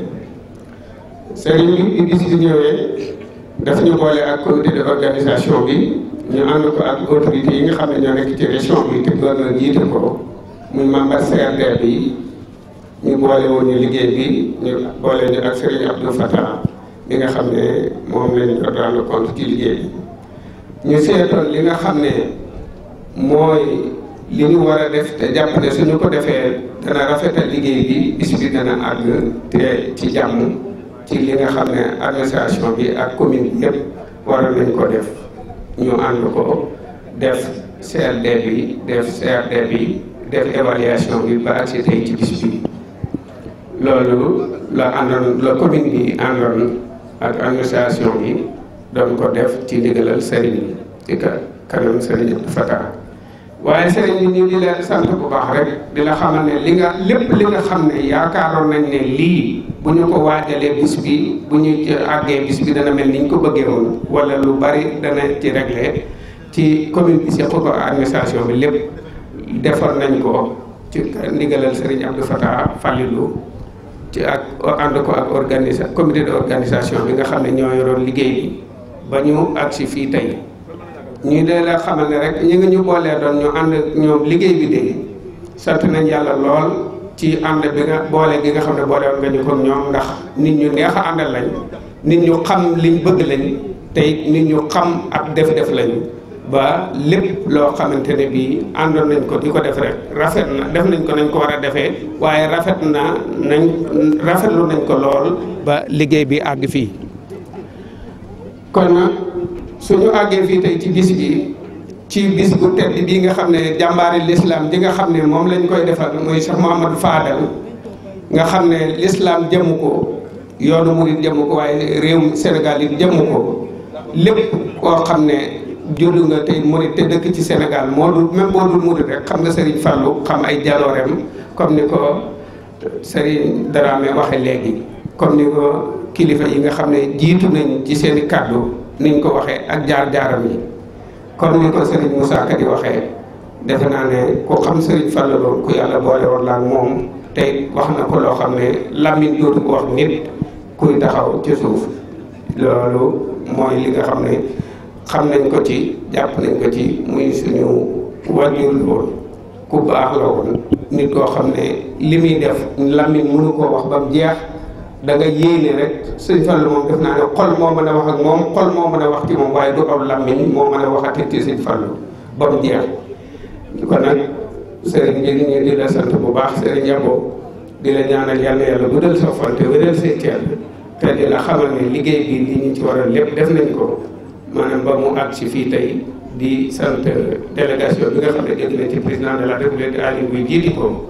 sëriñ bi bis bi ñëwee daf ñu boole ak comité de organisation bi ñu ànd ko ak autorités yi nga xam ne ñoo nekk ci région bi te gouverneur jiite ko muy membre CRD bi ñu boole woon ñu liggéey bi ñu boole ñu ak sëriñ Abdou Fatah bi nga xam ne moom lañ doon rendre compte ci liggéey bi. ñu seetoon li nga xam ne mooy li ñu war a def te jàpp ne suñu ko defee dana rafetal liggéey bi bis bi dana àgg te ci jàmm. ci li nga xam ne administration bi ak commune bi yëpp waral nañ ko def ñu ànd ko def CRD bi def CRD bi def évaluation bi ba agsi tey ci bis bi loolu la àndoon la commune bi àndoon ak administration bi doon ko def ci ndigalal sëriñ yi ci kanam sëriñ Fata waaye sëriñ bi ñu di la sant bu baax rek di la ne li nga lépp li nga xam ne yaakaaroon nañ ne lii bu ñu ko waajalee bis bi bu ñu àggee bis bi dana mel ni ñu ko bëggee woon wala lu bari dana ci réglé ci commune bi seq ko administration bi lépp defar nañ ko ci ndigalal Serigne Abdou Fatah Fallilou ci ak ànd ko ak organisa comité d'organisation bi nga xam ne ñoo yoroon liggéey bi ba ñu agsi fii tey ñu de la xamal ne rek ñu ngi ñu boolee doon ñu ànd ñoom liggéey bi de sant nañ yàlla lool. ci ànd bi nga boole gi nga xam ne boole woon nga ñu kon ñoom ndax nit ñu neex a àndal lañ nit ñu xam liñ bëgg lañ tey nit ñu xam ak def-def lañ ba lépp loo xamante ne bii àndoon nañ ko di ko def rek rafet na def nañ ko nañ ko war a defee waaye rafet na nañ rafetlu nañ ko lool ba liggéey bi àgg fii kon nag suñu àggee fii tey ci gis gi ci bis bu tedd bii nga xam ne jàmbaari lislaam ji nga xam ne moom lañ koy defal mooy Cheikh Mouhamadou Fadal nga xam ne lislaam jëmu ko yoonu murid jëmu ko waaye réewum Sénégal yi jëmu ko lépp koo xam ne juddu nga tey murid te dëkk ci Sénégal moo dul même boo dul murid rek xam nga Serigne Fallou xam ay jalooreem comme ni ko Serigne Dramé waxe léegi comme ni ko kilifa yi nga xam ne jiitu nañ ci seeni i kàddu niñ ko waxee ak jaar-jaaram yi kon ni ko Serigne Moussa di waxee defe naa ne ku xam Serigne Fallou ku yàlla boole woon la ak moom tey wax na ko loo xam ne làmmiñ dootu ko wax nit kuy taxaw ci suuf loolu mooy li nga xam ne xam nañ ko ci jàpp nañ ko ci muy suñu wàññiwul woon ku baax la woon nit koo xam ne li muy def làmmiñ mënu koo wax ba mu jeex. da nga yéene rek sëñ Fallu moom def naa ne xol moo mën a wax ak moom xol moo mën a wax ci moom waaye du aw làmmiñ moo mën a waxati ci sëñ Fallu ba mu jeex kon nag sëriñ bi ñu di la bu baax sëriñ Yabo di la ñaanal yàlla yàlla guddal sa fan te wéral te di la xamal ne liggéey bi li ñu ci waral lépp def nañ ko maanaam ba mu àgg fii tey di sant délégation bi nga xam ne jël na ci président de la république Aliou Ngouille jiiti ko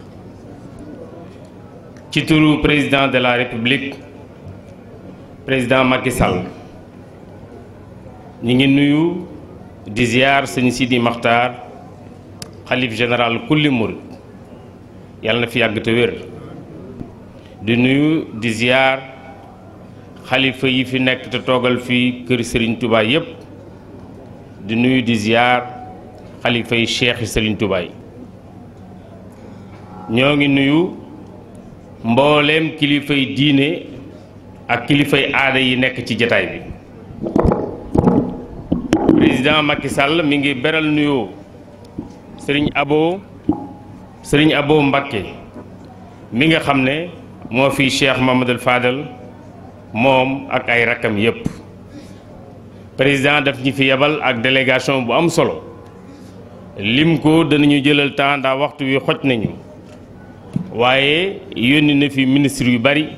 ci turu président de la république président Macky Sall ñu ngi nuyu di ziar sëñ Sidi Maxtaar xalif général kulli murid yàlla na fi yàgg te wér di nuyu di ziar xalifa yi fi nekk te toogal fii kër Serigne Touba yépp di nuyu di ziar xalifa yi cheikh yi ñoo ngi nuyu. mboolem kilifay diine ak kilifay aada yi nekk ci jataay bi président Macky mi ngi beral nuyoo sëriñ aboo sëriñ Abo Mbacké mi nga xam ne moo fi Cheikh Mamadou Fadal moom ak ay rakkam yépp président daf ñu fi yebal ak délégation bu am solo lim ko danañu jëlal temps waxtu wi xoj nañu waaye yónni na fi ministre yu bari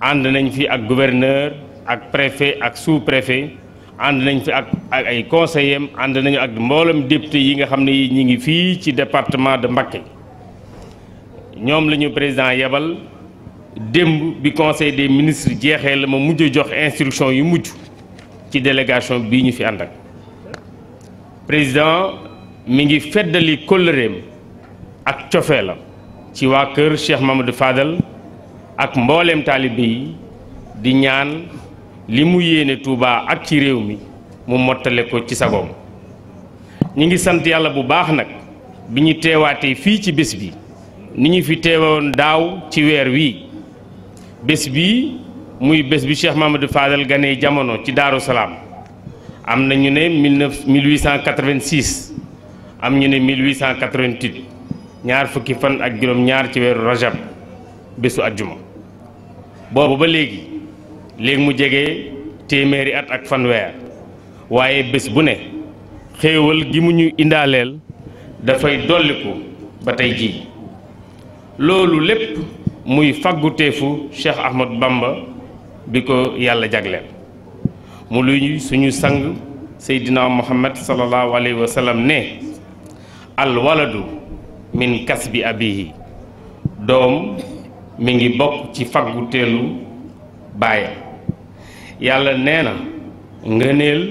ànd nañ fi ak gouverneur ak préfet ak sous-préfet ànd nañ fi ak ak ay conseillers ànd nañu ak mboolem député yi nga xam ne ñi ngi fii ci département de Mbacké ñoom la ñu président yebal démb bi conseil des ministres jeexee la ma mujj jox instruction yu mujj ci délégation bii ñu fi ànd ak président mi ngi feddali kóllëreem ak la ci waa kër Cheikh Mamadou Fadal ak mbooleem taalibe yi di ñaan li mu yéene Touba ak ci réew mi mu mottale ko ci sagoom ñu ngi sant yàlla bu baax nag bi ñu teewaatee fii ci bés bi ni ñu fi teewoon daaw ci weer wii bés bi muy bés bi Cheikh Mamadou Fadal ganee jamono ci Daaru Salaam am na ñu ne 1886 am ñu ne 1888 ñaar fukki fan ak juróom-ñaar ci weeru rajab bésu ajjuma boobu ba léegi léegi mu jege téeméeri at ak fanweer waaye bés bu ne xéewal gi mu ñu indaaleel dafay dolliku ba tey jii loolu lépp muy fagguteefu Cheikh Ahmad Bamba bi ko yàlla jagleel mu luy suñu sang seydina muhammad sallallahu alayhi wa sallam ne al min kas bi abihi doom mi ngi bokk ci faggu teelu baayam yàlla nee na ngëneel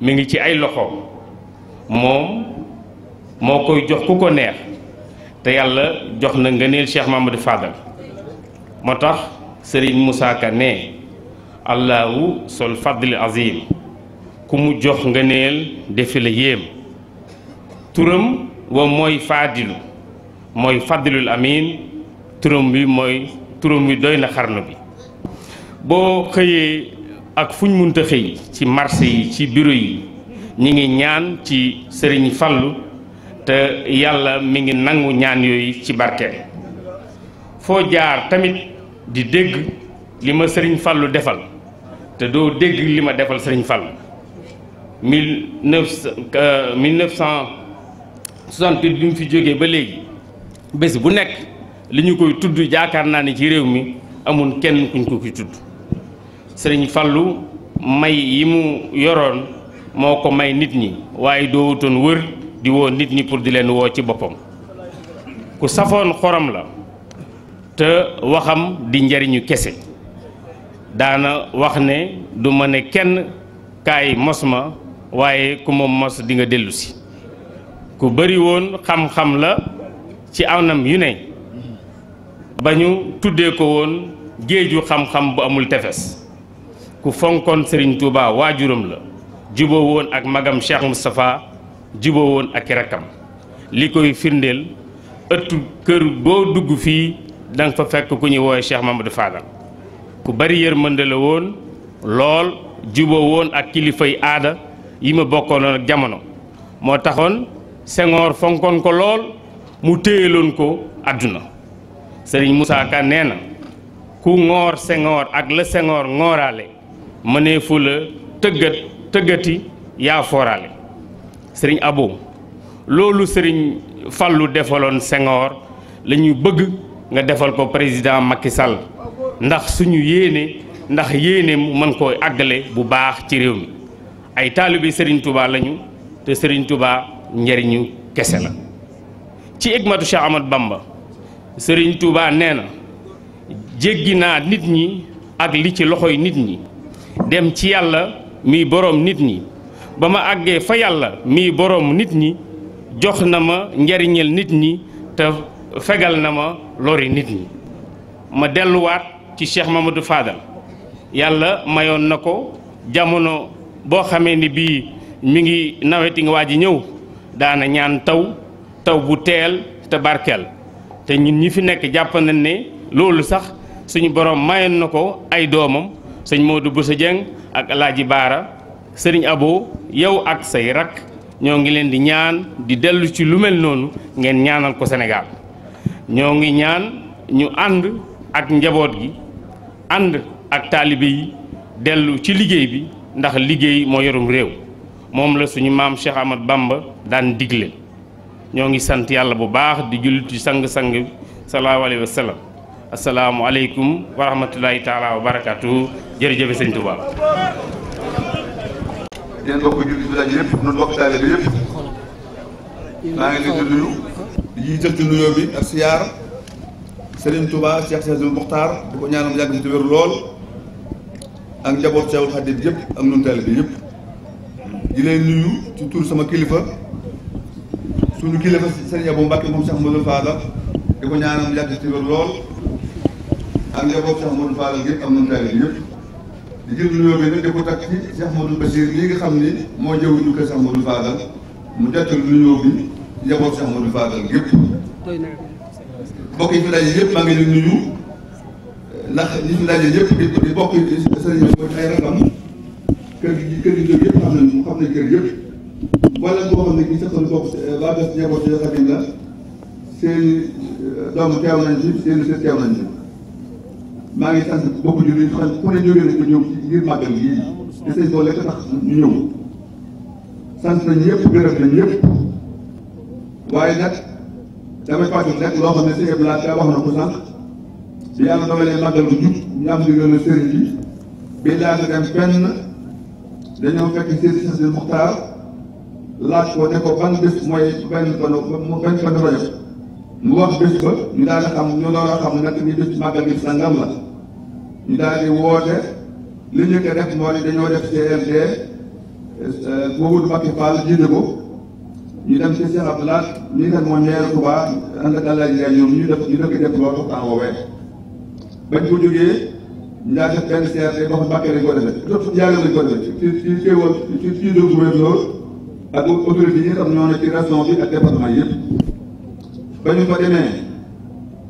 mi ngi ci ay loxoom moom moo koy jox ku ko neex te yàlla jox na ngëneel Cheikh Mamadou Fadal moo tax sëriñ Moussa Ka ne allahu sol fadli azim ku mu jox ngëneel defi la yéem turam wa mooy faadilu mooy Fadlul Amin turam bi mooy turam bi doy na xarnu bi boo xëyee ak fuñ munta xëy ci marché yi ci bureau yi ñu ngi ñaan ci sëriñ Fallu te yàlla mi ngi nangu ñaan yooyu ci barke foo jaar tamit di dégg li ma sëriñ Fallu defal te doo dégg li ma defal sëriñ Fallu mille neuf cent euh, soixante bi mu fi jógee ba léegi bés bu nekk li ñu koy tudd jaakaar naa ne ci réew mi amul kenn kuñ ko koy tudd sëriñ Fallou may yi mu yoroon moo ko may nit ñi waaye doowutoon wër di woo nit ñi pour di leen woo ci boppam ku safoon xorom la te waxam di njariñu kese daana wax ne du ma ne kenn kaay mos ma waaye ku ma mos di nga dellu ku bari xam-xam la ci anam yu ne ba ñu tuddee ko woon géeju xam-xam bu amul tefes ku fonkoon Serigne Touba waajuram la juboo woon ak magam Cheikh Moustapha juboo woon ak i rakkam li koy firndeel ëttu kër boo dugg fii danga fa fekk ku ñuy woowe Cheikh Mamadou Fadal ku bari yërmande mëndale woon lool juboo woon ak kilifay aada yi ma bokkoonoon ak jamono moo taxoon Senghor fonkoon ko lool mu téyeloon ko àdduna sëriñ Moussa Ka nee na ku ngoor sengoor ak la sengoor ngooraale mëneefu la tëggat tëggati yaa fooraale sëriñ Abo loolu sëriñ Fallou defaloon sengoor la ñu bëgg nga defal ko président Macky Sall ndax suñu yéene ndax yéene mu mën koo àggale bu baax ci réew mi ay taalibe sëriñ Touba lañu te sëriñ Touba njëriñu kese la ci igmatu Cheikh Ahmad Bamba sëriñ Touba nee na jéggi naa nit ñi ak li ci loxoy nit ñi dem ci yàlla miy boroom nit ñi ba ma àggee fa yàlla miy boroom nit ñi jox na ma njariñal nit ñi te fegal na ma lori nit ñi ma delluwaat ci Cheikh Mamadou Fadal yàlla mayoon na ko jamono boo xamee ni bii mu ngi naweti nga waa ji ñëw daana ñaan taw taw bu teel te barkeel te ñun ñi fi nekk jàpp nañ ne loolu sax suñu borom mayoon na ko ay doomam sëñ Modou Boussa Dieng ak Alaaji Baara sëriñ Abo yow ak say rakk ñoo ngi leen di ñaan di dellu ci lu mel noonu ngeen ñaanal ko senegaal ñoo ngi ñaan ñu ànd ak njaboot gi ànd ak taalibe yi dellu ci liggéey bi ndax liggéey moo yorum réew moom la suñu maam Cheikh Ahmad Bamba daan digle ñoo ngi sant yàlla bu baax di jullit ci sang-sang salaahu alayhi wa sallam asalaamualeykum wa rahmatulahi taala wa barakaatu jërëjëf sëñ Touba. yéen bokk jullit bi daje yëpp ñun bokk taalibe bi yëpp maa ngi nuyu. ci nuyoo lool ak njaboot sama kilifa. suñu kilifa sëriñ Abou Mbacke moom Cheikh Modou Fadal di ko ñaanal mu de ci wér lool ak njaboot Cheikh Modou Fadal yëpp am nañu taalibe yëpp di jël nuyoo bi nag di ko takk ci Cheikh xam ni moo jëw ñu kër mu jottal nuyoo bi njaboot Cheikh Modou Fadal yëpp bokk yi fi daje yëpp maa ngi leen nuyu ndax ñi yëpp di di kër gi kër gi jóg yëpp xam nañ xam nañ kër yëpp wala boo xam ne bii sax kon bokk waa euh, des euh, teew nañ ci seen sët teew nañ ci maa ngi sant bokku jullit xam ku ne jógee nañ ko ñëw ngir màggal gii te sëñ boo lekk ne sëñ na ko sànq bi yàlla dogalee dem fenn dañoo fekk seen sëñ Muxtaar laaj ko ne ko ban bés mooy benn bano benn banu rajab mu wax bés ba ñu daal xam ñu loolu xam nag ni bés màggal gi sangam la ñu daal di woote li ñu ko def mooy dañoo def CRD boobu du Macky Fall ko ñu dem ci Cheikh Abdoulaye ñu def moo ñeeru Touba ànd ak àll ak ñoom ñu def ñu def ko def loolu temps woowee bañ ko jógee ñu daal def benn CRD boo xam Mbacké lañ ko defee. jot jaaree lañ ko defee ci ci ci loolu. ak autorité yi tam ñoo ne ci région bi ak département yëpp ba ñu fa demee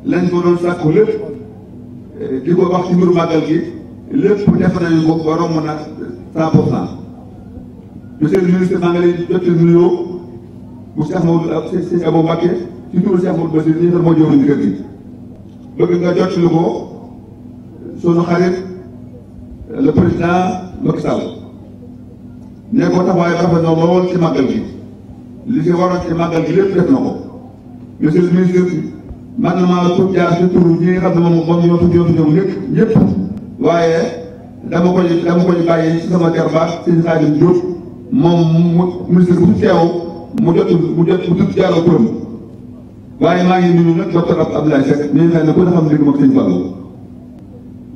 lañ ko doon sàkku lépp eh, di ko wax ci mbiru màggal gi lépp def nañu ko ba romb na cent pour cent monsieur le ministre maa ngi lay jotti nuyoo bu Cheikh Maodo ak Cheikh Abou Mbacké ci turu tam moo jëwoon kër nga jotti lu ko sunu xarit eh, le président Macky Sall nee ko taxawaay rafet na lool ci màggal gi li ci waroon ci màggal gi lépp def na ko monsieur le ministre man na maa jaar ci turu ñi xam ne moom moom ñoo tudd ñoo tudd ñëpp ñëpp waaye dama koy dama sama jarbaat sëñ Xaadim Diop moom mu ministre mu jot mu jot mu tudd jaaroo turam waaye maa ngi nuyu nag docteur Abdoulaye Seck mi ngi xëy na ku la xam ne dégg ma sëñ Fallu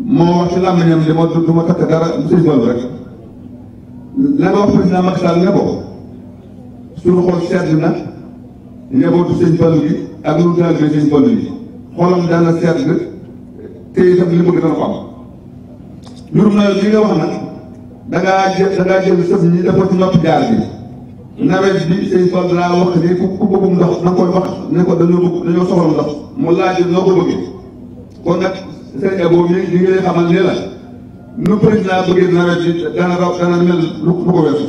moo wax ci làmmiñam ma dara sëñ Fallu rek la ma wax président Macky Sall ne xol sedd na njabootu sëñ Fallu bi ak lu taalibe sëñ Fallu bi xolam dana sedd te itam li mu gën a ko nawet li na koy wax ne ko dañoo bëgg dañoo soxla ndox mu laaj noo ko bëggee kon nag sëñ Ebo mi ngi lay xamal ne la. nu président bëggee dana lu ko weesu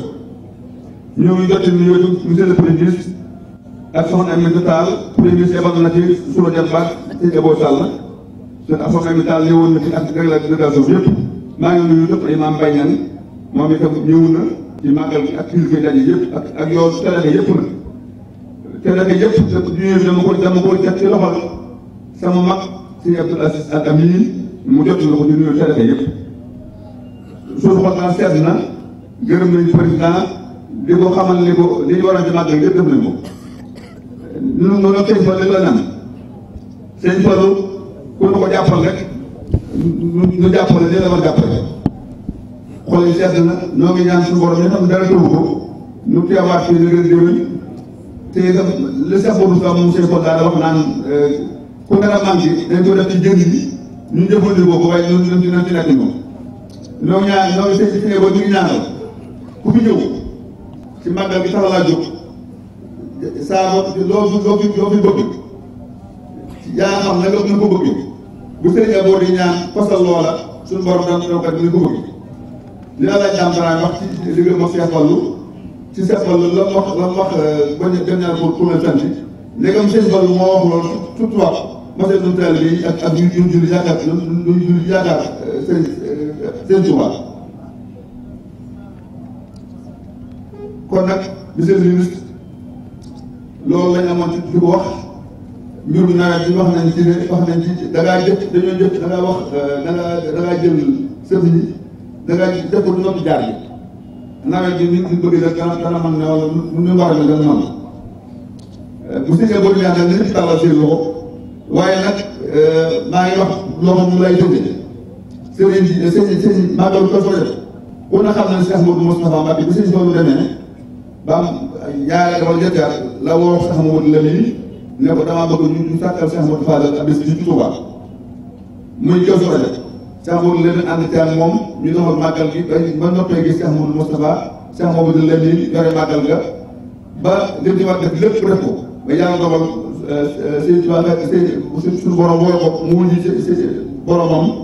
ñoo ngi jot ni yooyu monsieur le premier ministre ak soxna na ci Soura Diatta ci Ebo Sall seen ak soxna Aminata Tall ñëwoon yëpp maa ngi nuyu ñëw na ci màggal bi yëpp ak ak yoon teraka yëpp na teraka yëpp mu jot na ko di nuyu teraka yëpp suuf xool naa seet na gërëm nañ président di ko xamal li ko li ñu war a ci màggal yëpp def nañ ko ñun noonu ak sëñ Fallou la nan sëñ Fallou ku nu ko jàppal rek ñu jàppale li la war jàppale xool yi seet na ñoo ngi ñaan suñu borom yi tam dara tëwu ko ñu teewaat fii liggéey déwén te itam li Cheikh Bourou Sow moom sëñ Fallou daal wax naan euh, ku dara manqué dañ ko def ci jënd bi ñu jëfandikoo ko waaye ñun ñun dinañ ci nekk ñoom ñoo ñaan ñoo seet si ne ba ñu ngi ñaanal ku fi ñëw ci màggal bi tax laa jóg saa loo loo fi loo fi yaa xam na nga na ko bëgg bu sëriñ Abo ñaan kosal la jàmbaraay wax ci li nga ma seet la mu wax la mu wax euh, bañ dem ñaan pour pour le sant ndegam seen wàllu moo wax loolu surtout wax ma seet nu teel ak ak ñu ñu julli yaakaar ñu seen Touba kon nag monsieur le ministre loolu lañ amoon ci di ko wax mbiru nawet bi wax nañ ci wax nañ ci da dañoo jëf da wax euh, da ngaa jël sëb yi da ngaa ko du noppi jaar yi nawet bi nit ñi bëgg da dana dana ne wala nu mu war a mel dana mën euh, monsieur Ndiaye boo ñu yaakaar nañ ci tàllal seen waaye nag euh, maa ngi wax loxo mu lay jógee. sëriñ bi sëriñ sëriñ màggalu ko def ku na xam ne Cheikh Modou Moustapha Mbacké bi sëriñ Fallou demee ba am ñaareel wala ñetteel la woo Cheikh Modou Lamine ne ko damaa bëgg ñu ñu sàkkal Cheikh Modou Fadal ak bés bi ci Touba muy jox ko def Cheikh Modou Lamine ànd teel moom ñu doxal màggal gi ba ba noppee gis Cheikh Modou Moustapha Cheikh Modou Lamine yore màggal ga ba lépp di war def lépp def ko ba yàlla dogal euh, euh, sëriñ Touba fekk sëriñ suñu borom woo ko mu wuñ ci boromam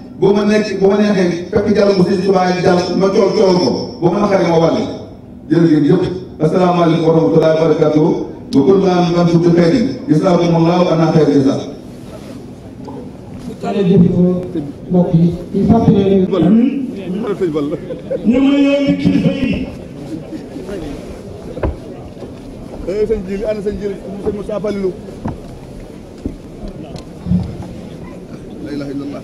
boo ma nekk boo ma neexee fekk jàll mu si si bàyyi jàll ma cool cool ko boo ma naqaree ma wàll jërëjëf yëpp asalaamaaleykum wa rahmatullahi wa barakatuh ba kullu am man sutu xeyrin islaamu allahu ana xeyr islam mbokk yi di fàttali ñu ma yooni kilifa yi eh, sëñ jili ana sëñ jili sëñ Moussa Fallou la ilaha illallah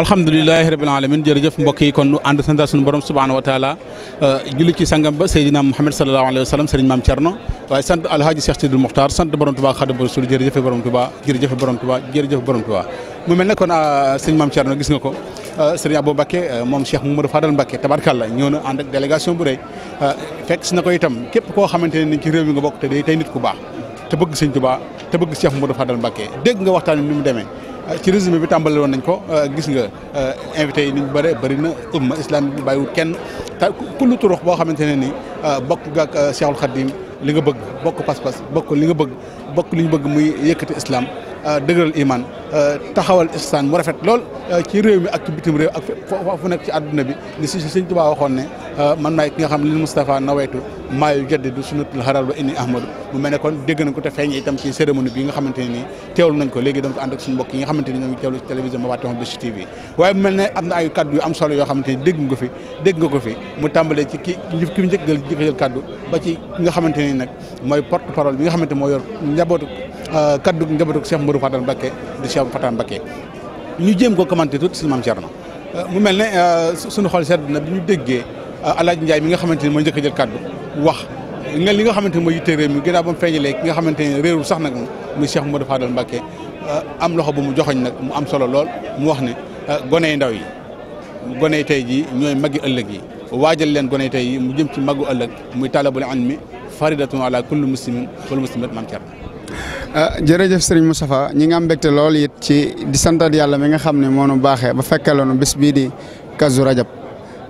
alhamdulilahi rabil alamin jërëjëf mbokk yi kon nu ànd sant suñu borom subhanahu wa taala euh, julli ci sangam ba Seydina Muhammad sallallahu alayhi wa sallam sëriñ maam Thierno waaye sant alhaaji Cheikh Sidil Muxtaar sant borom Tuubaa Xaadimu Rasuul jërëjëf borom Tuubaa jërëjëf borom Tuubaa jërëjëf borom Tuubaa mu mel ne kon euh, sëriñ maam Thierno gis nga ko euh, sëriñ Abou Mbacké moom Cheikh Mamadou Fadal Mbacké tabarkàlla ñëw na ànd ak délégation bu rëy fekk si na ko itam képp koo xamante ne ci réew mi nga bokk te day tey nit ku baax te bëgg sëriñ Tuubaa te bëgg Cheikh Mamadou Fadal Mbacké dégg nga waxtaan ni mu demee Ah, ci résumé bi tàmbale woon nañ ko euh, gis nga euh, invité yi niñ bëre bëri na umma islam bi bàyyiwul kenn ta kullu turux boo xamante ne ni euh, bokk nga ak Cheikhul li nga bëgg bokk pas-pas bokk li nga bëgg bokk li ñu bëgg muy yëkkati islam Euh, dëgëral iman euh, taxawal istaan mu rafet lool euh, ci réew mi ak ci bitim réew ak fu nekk ci àdduna bi li si sëñ Tuubaa waxoon ne man maay ki nga xam ne lil Moustapha nawaytu maayu jaddidu sunnatul haral wa inni ahmadu mu mel ne kon dégg nañ ko ne nii teewlu nañ ko léegi dañ ko ànd ak suñu mbokk yi nga xamante ni ñoo ngi teewlu ci télévision ba waat yoon Bichri TV waaye mel ne am na ay kaddu yu am solo yoo xamante ni dégg nga ko fi dégg nga ko fi mu tàmbalee ci ki njëf ki njëkk jël jël kaddu ba ci nga xamante ni nag mooy porte parole bi nga xamante moo yor njabootu kaddu njabootu Cheikh Modou Fatal Mbacké di Cheikh Fatal Mbacké ñu jéem ko commenté tuuti si maam Thierno mu mel ne euh, suñu xol sedd na bi ñu déggee euh, Alaaji Ndiaye mi nga xamante ni mooy njëkk a jël kàddu wax nga li nga xamante ni mooy yitte réew mi ginnaaw ba mu feeñalee ki nga xamante ni réerul sax nag moom muy Cheikh Modou Fatal Mbacké euh, am loxo bu mu joxoñ nag mu am solo lool mu wax ne gone yu ndaw yi gone yi tey jii ñooy magi ëllëg yi waajal leen gone yi tey mu jëm ci magu ëllëg muy talabul ilmi faridatun ala kulli muslimin wal muslimat maam Thierno Ah, jërëjëf sëriñ Moustapha ñi nga am mbégte lool it ci di santaat yàlla mi nga xam ne moo nu baaxee ba fekkeloonu bis bii di kazu rajab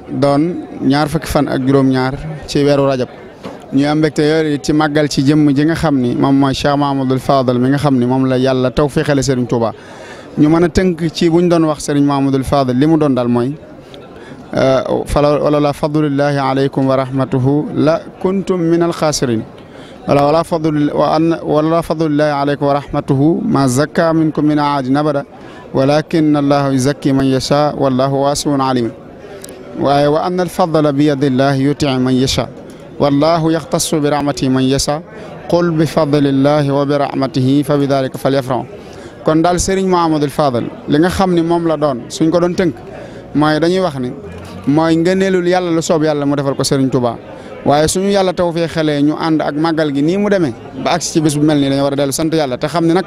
doon ñaar fukki fan ak juróom-ñaar ci weeru rajab ñu am mbégte yooyu ci màggal ci jëmm ji nga xam ni moom mooy Cheikh Mahamadoul Fadal mi nga xam ni moom la yàlla taw féexale Serigne Touba ñu mën a tënk ci buñ doon wax Serigne Mahamadoul Fadal li mu doon daal mooy ah, fala wala la fadlullahi aleykum wa rahmatuhu la kuntum min alxaasirin wala wala fadl wa an wala fadlullahi alayka wa rahmatuhu ma zakka minkum min ahadin abada walakin allahu yuzakki man yasha wallahu wasiun alim waaye wa anna alfadla bi yadillahi yutii man yasha wallahu yaxtasu bi rahmatihi man yasha qul bi fadlillahi wa bi rahmatihi fa bi dalika falyafrahu kon daal Serigne Mouhamadul Fadal li nga xam ne moom la doon suñ ko doon tënk mooy dañuy wax ni mooy ngëneelul yàlla lu soob yàlla mu defal ko Serigne Touba waaye suñu yàlla taw fee xelee ñu ànd ak màggal gi nii mu demee ba agsi ci bés mel ni dañu war a dellu sant yàlla te xam ne nag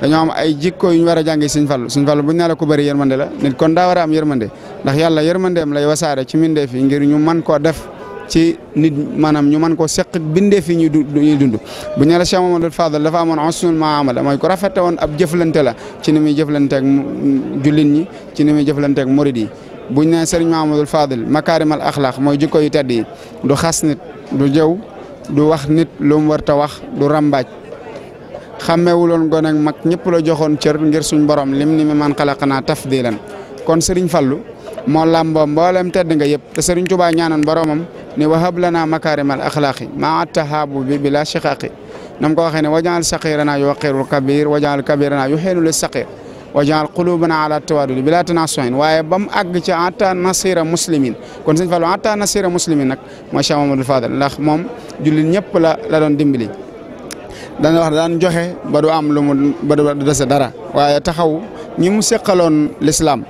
dañoo am ay jikko yu ñu war a jàngee Sëñ Fallu Sëñ Fallu bu ñu nee la ku bëri yërmande la nit kon daa war a am yërmande ndax yàlla yërmandeem lay wasaare ci mbindeef yi ngir ñu man koo def ci nit maanaam ñu mën koo seq mbindeef yi ñuy dund bu ñu nee la Cheikh Mamadou Fadal dafa amoon ensuñul maamala mooy ku rafete woon ab jëflante la ci ni muy jëflanteeg jullit ñi ci ni muy jëflanteeg murid yi buñ nee sëriñ Mamadou Fadil makaarimal axlaax mooy jikko yu tedd yi du xas nit du jëw du wax nit lu mu wax du ràmbaaj xàmmewuloon gone ak mag ñëpp la joxoon cër ngir suñ borom lim ni mi man xalaqnaa tafdilan kon sëriñ Fallu mo làmboo mbolem tedd nga yëpp te sëriñ Tuubaa ñaanoon am ni wahab lanaa makaarimal axlaaqi maa attahaabu bi bila shiqaaqi nam ko waxee ne wajaal saqiranaa yuqirul kabir wajaal kabiranaa yuxiinu lis saqir wajaal qulubana ala tawadul bila tanasuin waaye ba mu àgg ci ata muslimin kon sëñ Fallou ata nasira muslimin nag mooy Cheikh Mamadou Fadal ndax moom jullit ñëpp la la doon dimbali dana wax daan joxe ba du am lu mu ba du dese dara waaye taxaw ñi mu seqaloon lislaam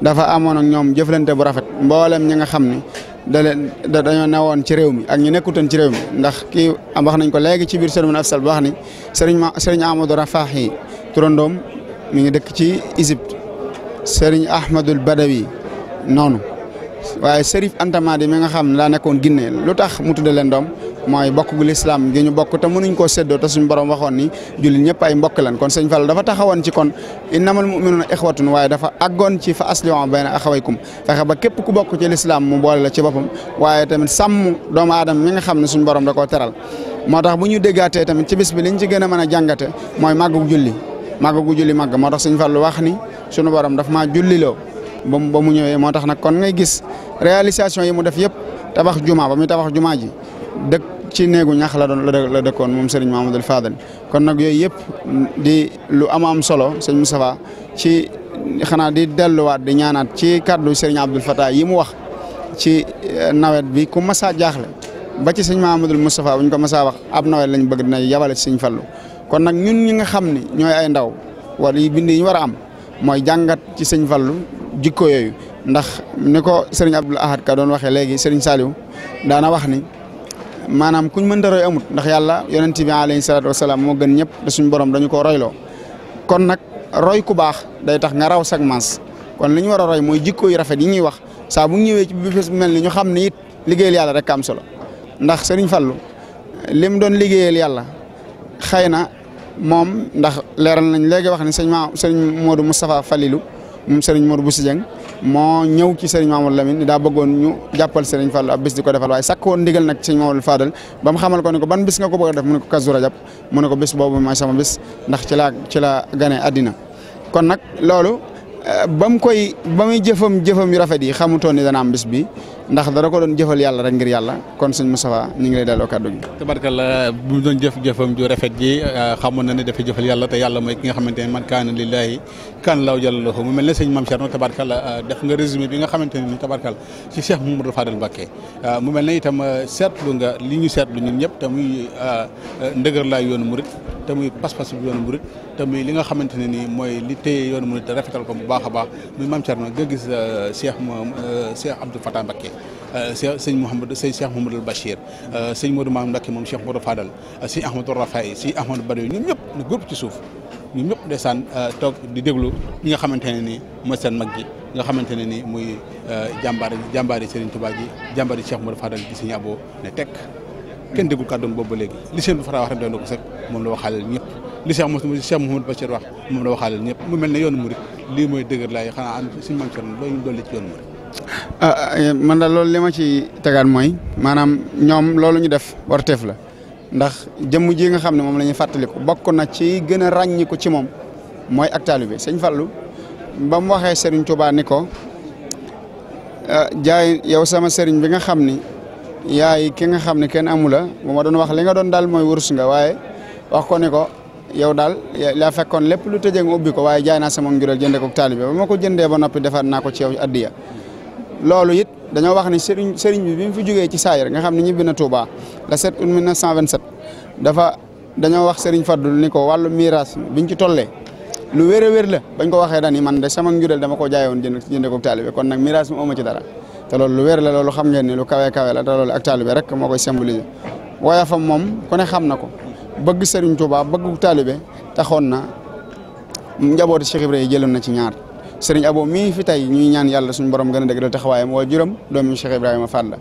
dafa amoon ak ñoom jëflante bu rafet mboolem ñi nga xam ni da leen da dañoo newoon ci réew mi ak ñu nekkutoon ci réew mi ndax ki wax nañ ko léegi ci biir sëriñ Afsal bu ni sëriñ ma sëriñ Amadou mi ngi dëkk ci Égypte Serigne Ahmadul Badawi noonu waaye Serif Anta Madi mi nga xam ne daa nekkoon Guinée lu tax mu leen doom mooy bokk gu lislaam gi ñu bokk te mënuñ koo séddoo te suñu borom waxoon ni jullit ñëpp ay mbokk lan kon sëñ Fall dafa taxawoon ci kon innamal mu'minuuna ixwatun waaye dafa àggoon ci fa aslihu bayna axawaykum fexe ba képp ku bokk ci lislaam mu boole la ci boppam waaye tamit sàmm doomu aadama mi nga xam ne suñu borom da koo teral moo tax bu ñu déggaatee tamit ci bis bi liñ ci gën a mën a jàngate mooy màggug julli màgg gu julli màgg moo tax Sëñ Fallu wax ni sunu waram daf maa julliloo ba mu ba mu ñëwee moo tax nag kon ngay gis réalisation yi mu def yëpp tabax jumaa ba muy tabax jumaa ji dëkk ci néegu ñax la doon la dëkkoon moom Serigne Mamadou Fadal kon nag yooyu yëpp di lu am am solo sëñ Moustapha ci xanaa di delluwaat di ñaanaat ci kàddu Serigne Abdoul Fatah yi mu wax ci eh, nawet bi ku mas a jaaxle ba ci sëñ Mamadou Moustapha bu ñu ko mas a wax ab nawet lañ bëgg dina yabale ci sëñ kon nag ñun ñi nga xam ni ñooy ay ndaw wala yi bind yi ñu war a am mooy jàngat ci sëñ Fallu jikko yooyu ndax ni ko sëriñ Abdul Ahad ka doon waxee léegi sëriñ Saliou daana wax ni maanaam kuñ mënta roy amut ndax yàlla yonent bi alayhi salaatu wasalaam moo gën ñëpp te suñu borom dañu ko royloo kon nag roy ku baax day tax nga raw sag mas kon li ñu war a roy mooy jikko yu rafet yi ñuy wax saa bu ñëwee ci bu fees mel ni ñu xam ne it liggéeyal yàlla rek am solo ndax sëriñ Fallu lim doon liggéeyal yàlla xëy na moom ndax leeral nañ léegi wax ni sëñ ma sëriñ Modou mu Falilou moom sëriñ Modou Bousso Dieng moo ñëw ci sëriñ Mamadou Lamine daa bëggoon ñu jàppal sëriñ Fallou ab bis di ko defal waaye sakk woon ndigal nag sëriñ Mamadou Fadal ba mu xamal ko ne ko ban bis nga ko bëgg a def mu ne ko Kazu Rajab mu ne ko bis boobu mooy sama bis ndax ci laa ci la gane àddina kon nag loolu eh, ba mu koy ba muy jëfam jëfam yu rafet yi xamutoon ni dana am bis bi ndax dara ko doon jëfal yàlla rek ngir yàlla kon sëñ Moustapha ñu ngi lay delloo kàddu gi tabarkalla bu mu doon jëf-jëfam ju rafet ji euh, xamoon na ne dafa jëfal yàlla te yàlla mooy ki nga xamante ne man kaana lillahi kaana law jàllalahu mu mel ne sëñ Mame Thierno tabarkalla euh, def nga résumé bi nga xamante ne ni tabarkalla ci Cheikh Mamadou Fadal Mbacké euh, mu mel ne itam seetlu nga li ñu seetlu ñun ñëpp te muy ndëgër laay yoonu murit te muy pas-pas bi yoonu murit te muy li nga xamante ne ni mooy li téye yoonu murit te rafetal ko bu baax a baax muy Mame Thierno nga gis Cheikh Cheikh Abdou Fatah Mbacké Euh, sëñ Mouhamad sëñ Cheikh Mouhamadul Bachir euh, sëñ Modou Maam Mbacké moom Cheikh Modou Fadal euh, sëñ Ahmadou Rafaay sëñ Ahmadou Badawi ñoom ñëpp ne groupe ci suuf ñoom ñëpp toog di déglu ñi nga xamante ne nii mooy seen mag gi xamante ne nii muy jàmbaar jàmbaar yi Serigne Touba ji jàmbaar yi Cheikh Modou Fadal di sëñ Abo ne tekk kenn déggul kàddoom boobu ba léegi li seen bu fara wax rek doon na ko sax moom la waxaalal ñëpp wax moom la waxaalal mu mel ne yoon murit lii mooy dëgër laay xanaa am suñu maam Cerno loolu ñu dolli ci yoonu murit Ah, eh, man daal loolu li ma ci tegaat mooy maanaam ñoom loolu ñu def warteef la ndax jëmm ji nga xam ne moom la ñuy fàttaliku bokk na ci gën a ràññiku ci moom mooy ak taalibe sëñ Fallu ba mu waxee Serigne Touba ni ko ah, jaay yow sama Serigne bi nga xam ni yaay ki nga xam ne kenn amu la bu ma doon wax li nga doon daal mooy wurus nga waaye wax ko ni ko yow daal laa fekkoon lépp lu tëjee nga ubbi ko waaye jaay naa sama njureel jëndee ko taalibe ba ma ko jëndee ba noppi defaat naa ko ci yow addiya loolu it dañoo wax ni sëriñ sëriñ bi bi mu fi jógee ci saayir nga xam ne ñibbi na Touba la 7 août 1927 dafa dañoo wax sëriñ Fadlu ni ko wàllu miiras biñ ci tollee lu wér a wér la bañ ko waxee dani man de sama njureel dama ko jaayoon jënd jënd ko taalibe kon nag miiras mi ooma ci dara te loolu lu wér la loolu xam ngeen ni lu kawe kawe la te loolu ak taalibe rek moo koy symboliser woyafam moom kone xam na ko bëgg sëriñ Touba bëgg taalibe taxoon na njabooti Cheikh Ibrahima jëloon na ci ñaar. sëriñ Abo mii fi tey ñuy ñaan yàlla suñu borom gën a dëgëral taxawaayam waa juróom doomi Cheikh Ibrahima Fall la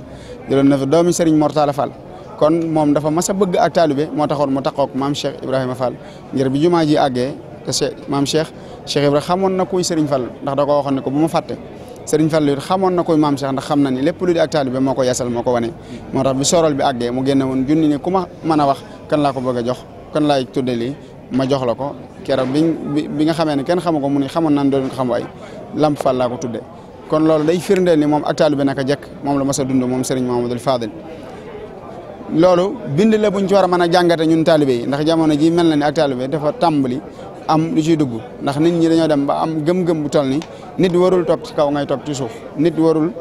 jëloon na fi doomi sëriñ Mortala Fall kon moom dafa mas a bëgg ak taalibe moo taxoon mu taxook maam Cheikh Ibrahima Fall ngir bi jumaa ji àggee te Cheikh maam Cheikh Cheikh Ibrahima xamoon na kuy sëriñ ndax da ko ne ko bu ma fàtte sëriñ Fall it xamoon na koy maam Cheikh ndax xam na ni lépp lu di ak taalibe moo ko yasal moo ko wane moo tax bi sorol bi àggee mu génne woon junni ne ku ma mën a wax kan laa ko bëgg a jox kan laay tudde lii ma jox la ko keroog bi bi nga xamee ne kenn xamu ko mu ne xamoon naan doon ko xam waay Lamp Fall laa ko tudde kon loolu day firndeel ni moom ak na naka jekk moom la mas a dund moom Serigne Mamadou Fadil loolu bind la buñ ci a mën a jàngate ñun taalibe yi ndax jamono ji mel na ni ak taalibe dafa tàmbali am lu ciy dugg ndax nit ñi dañoo dem ba am gëm-gëm bu toll ni nit warul top ci kaw ngay toog ci suuf nit warul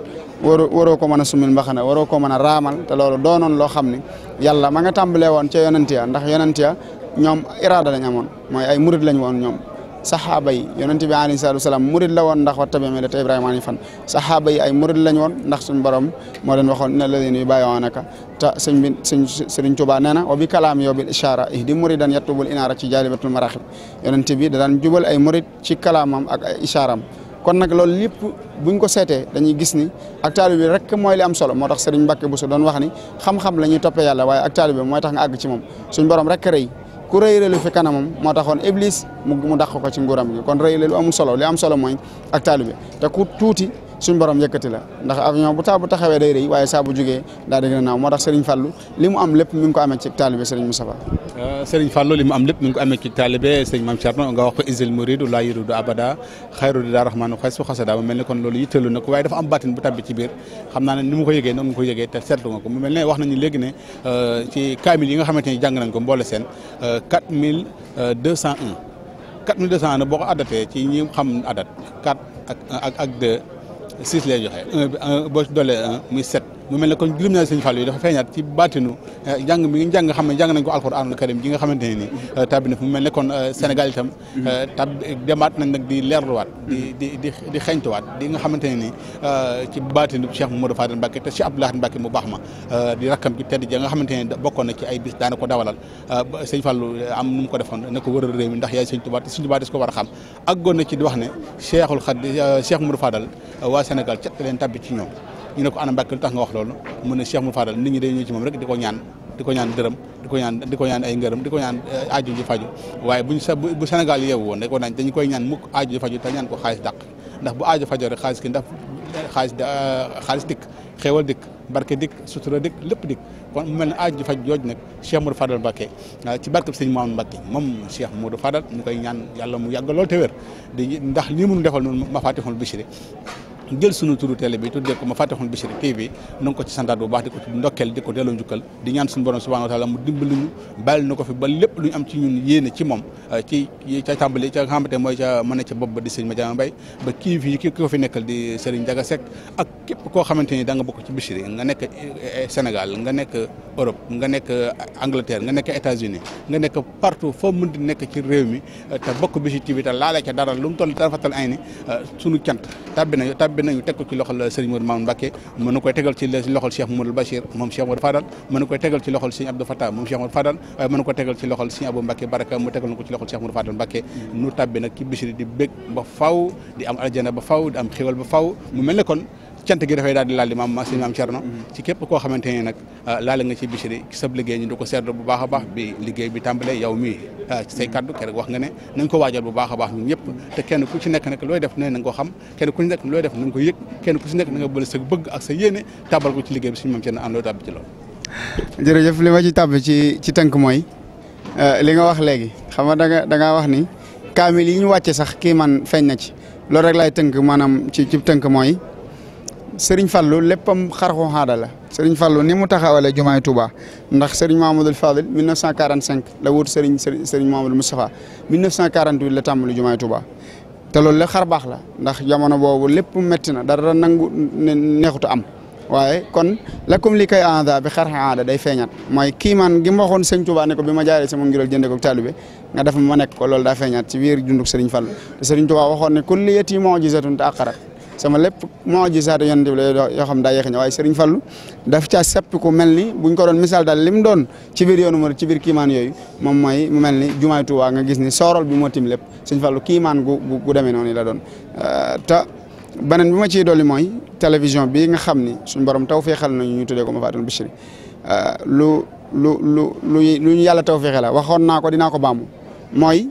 waru waroo ko mën a sumil mbaxana waroo ko mën a raamal te loolu doonoon loo xam ni yàlla ma nga tàmbalee woon ca yonent ndax yonent ya ñoom iraada lañ amoon mooy ay murid lañ woon ñoom saxaaba yi yonente bi alayhi salaatu wasalaam murid la woon ndax wa tabe mele te ibrahima ani fan saxaaba yi ay murid lañ woon ndax suñ borom moo leen waxoon inna alladina yubayi'unaka te sëñ bi sëñ sëriñ Tuubaa nee na wa bi kalaam yow bil ishaara ihdi muridan yatubul inaara ci jaalibatul maraaxib yonente bi da daan jubal ay murid ci kalaamam ak ay ishaaram kon nag loolu lépp buñ ko seetee dañuy gis ni ak taalibe bi rek mooy li am solo moo tax sëriñ Mbàkke Buso doon wax ni xam la ñuy toppee yàlla waaye ak taalibe bi tax nga àgg ci moom suñ borom rek rëy ku rëy rëylu fi kanamam moo taxoon iblis mu dàq ko ci nguuram kon rëy rëylu amul solo li am solo mooy ak taalibe te ku tuuti suñ borom yëkkati la ndax avion bu taa bu taxawee day rëy waaye saa bu jógee daa di gën a naaw moo tax Serigne Fallou li mu am lépp mi ngi ko amee ci taalibe Serigne Moustapha euh, Serigne Fallou li am lépp mi ngi ko amee ci taalibe Serigne Mame Thierno nga wax ko isil muridu laa yuridu abada xayru di daa rahmaanu xay su xasada mu mel ne kon loolu yittalu na ko waaye dafa am baatin bu tabbi ci biir xam naa ne ni mu ko yëgee noonu nga ko yëgee te seetlu nga ko mu mel ne wax nañu euh, nga xamante ne jàng nañ ko mboole seen 4201 euh, 4201 boo ko addatee ci ñi xam adat 4 six lay joxe un boo ci dollee un muy sept mu mel ne kon gërëm naa sëñ Fall yi dafa feeñaat ci baatinu eh, jàng mi ngi xam ne jàng nañ ko alxuraanul karim ji nga xamante ne nii eh, tàbbi na fu mu mel ne kon eh, Sénégal itam tab demaat nañ nag di leerluwaat di di di di xeñtuwaat di nga xamante ne nii ci baatinu Cheikh Mamadou Fadel Mbacke te Cheikh Abdoulaye Mbacke mu baax ma di rakkam ci tedd ja nga xamante ne bokkoon na ci ay bis daana ko dawalal sëñ Fallou am nu mu ko defoon ne ko wëral ndax yaay sëñ Tuubaa te sëñ Tuubaa des ko a xam na ci di wax ne Cheikhul Xadim Cheikh Mamadou Fadal waa Sénégal cat leen tabbi ci ñoom ñu ne ko ana Mbàkke lu tax nga wax loolu mu ne Cheikh Mou Fadal nit ñi day ñëw moom rek di di ko ñaan dërëm di ko ñaan di ko ñaan ay ko ñaan eh, aaju ji faju waaye buñ sa bu Sénégal yeewu woon rek woon nañ dañu koy ñaan mukk aaju ji faju te ñaan ko xaalis ndax bu aaju fajoo xaalis ki ndax eh, xaalis eh, xaalis dikk xéewal dikk barke dikk sutura dikk lépp dikk kon mu mel ne aaju faj jooju nag Cheikh Modou Fadal Mbacké ah, ci barkeb sëñ Mamadou Mbacké moom Cheikh Modou Fadal ñu koy ñaan yàlla mu yàgg lool te wér di ndax lii mënu defal noonu ma fàttixul Bichri jël sunu turu télé bi tuddee ko ma fàttexoon Bichri TV na nga ko ci santaat bu baax di ko ndokkeel di ko delloo njukkal di ñaan suñu borom subhanahu wa taala mu dimbali ñu bàyyi na ko fi ba lépp lu ñu am ci ñun yéene ci moom euh, ci ca tàmbali ca xamante mooy ca mën a ca bopp ba di sëriñ Madiama Mbaye ba kii fi ki ko fi nekkal di sëriñ Ndiaga ak képp koo xamante ni da nga bokk ci Bichri nga nekk euh, euh, Sénégal nga nekk Europe nga nekk Angleterre nga nekk États-Unis nga nekk partout di nekk ci réew mi te bokk Bichri TV te laale ca dara lu mu toll dara fatal ay ni tabbi nañu teg ko ci loxol Serigne Modou Mamoune Mbacké mën na tegal ci loxol Cheikh Modou Bachir moom Cheikh Modou Fadal Baraka mu tegal na ko ci loxol Cheikh Modou Fadal nu tabbi nag ci di bég ba faw di am aljana ba faw di am xéwal ba faw mu mel cant gi dafay daal di laal di maam sëñ maam mm-hmm. ci képp koo xamante ne nag ah, laal nga ci Bichri ci sab liggéey ñu di ko seetlu bu baax a baax bi liggéey bi tàmbalee yow mii ah, ci say kaddu wax nga ne nañ ko waajal bu baax a baax ñun ñëpp te kenn ku ci nekk nag looy def ne na nga ko xam kenn ku ci nekk looy def na nga ko kenn ku ci nekk na nga bële sa bëgg ak sa yéene tàbbal ko ci liggéey bi suñu maam Cerno àndoo tàbbi ci loolu jërëjëf li ma ci tàbbi ci tënk mooy eh, li nga wax léegi xam nga danga da ngaa wax ni kaamil yi ñu wàcce sax kii man feeñ na ci loolu rek laay tënk maanaam ci ci tënk mooy Serigne Fallou léppam xarxu xaada la Serigne Fallou ni mu taxawalee jumaay Touba ndax Serigne Mahamadul Fadil 1945 la wut Serigne Serigne Mahamadul Moustapha 1948 la tàmbali jumaay Touba te loolu lépp xar baax la ndax jamono boobu lépp métti na dara nangu neexutu am waaye kon lakum li kay aada bi xarxa aada day feeñat mooy kiimaan gi ma waxoon sëñ Touba ne ko bi ma jaaree sama ngiral jënde ko taalibe nga def ma nekk ko loolu daa feeñaat ci biir dunduk Serigne Fallou te Serigne Touba waxoon ne kulliyati mujizatun taqarat sama lépp moo gisaatu yonent bi la yoo xam daa yéex ñëw waaye Serigne Fallou daf caa seppi ku mel ni buñ ko doon misaal daal lim doon ci biir yoonu Murid ci biir kiimaan yooyu moom mooy mu mel ni jumaay waa nga gis ni sooral bi moo tim lépp Serigne fallu kiimaan gu gu demee noonu la doon euh, ta beneen bi ma ciy dolli mooy télévision bi nga xam ni suñ borom taw feexal nañu ñu tuddee ko Mafaatihul Bichri euh, lu lu lu lu ñu yàlla taw feexe la waxoon naa ko dinaa ko baamu mooy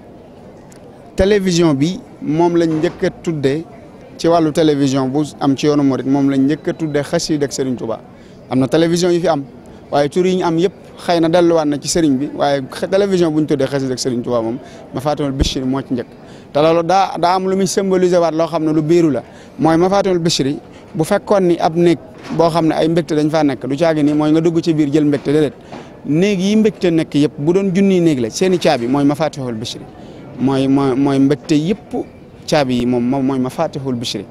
télévision bi moom lañ njëkk a tuddee ci wàllu télévision bu am ci yoonu Mouride moom la njëkk a tuddee xasida ak Serigne Touba am na télévision yu fi am waaye tur yi ñu am yëpp xëy na delluwaat na ci Serigne bi waaye télévision bu ñu tuddee xasida ak Serigne Touba moom Mafaatihul Bichri moo ci njëkk te daa daa am lu muy symboliser waat loo xam ne lu biiru la mooy ma Mafaatihul Bichri bu fekkoon ni ab néeg boo xam ne ay mbégte dañ faa nekk du caagi ni mooy nga dugg ci biir jël mbégte déedéet néeg yi mbégte nekk yëpp bu doon junni néeg la seen i caabi mooy Mafaatihul Bichri mooy mooy mooy mbégte yëpp caabi yi moom mooy ma fatihul bichri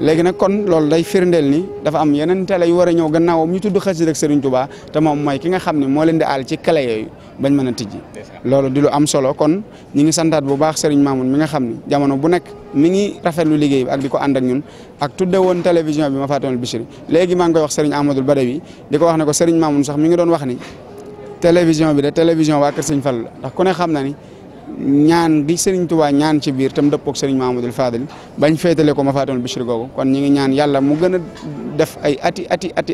léegi nag kon loolu day firndeel ni dafa am yeneen télé yu war a ñëw gannaawam ñu tudd xasida ak Serigne Touba te moom mooy ki nga xam ne moo leen di aal ci kale yooyu bañ mën a tijji. loolu di lu am solo kon ñi ngi santaat bu baax Serigne Mamoun mi nga xam ne jamono bu nekk mi ngi rafetlu liggéey ak di ko ànd ak ñun ak tudde woon télévision bi ma fàttali Bichri léegi maa ngi koy wax Serigne Amadou Badawi di ko wax ne ko Serigne Mamoun sax mi ngi doon wax ni télévision bi de télévision waa Kër Serigne Fall la ndax ku xam na ni. ñaan gi Serigne Touba ñaan ci biir tam dëppoog Serigne Fadil bañ féetale ko ma faatal Bichri googu kon ñu ngi ñaan yàlla mu gën def ay ati ati at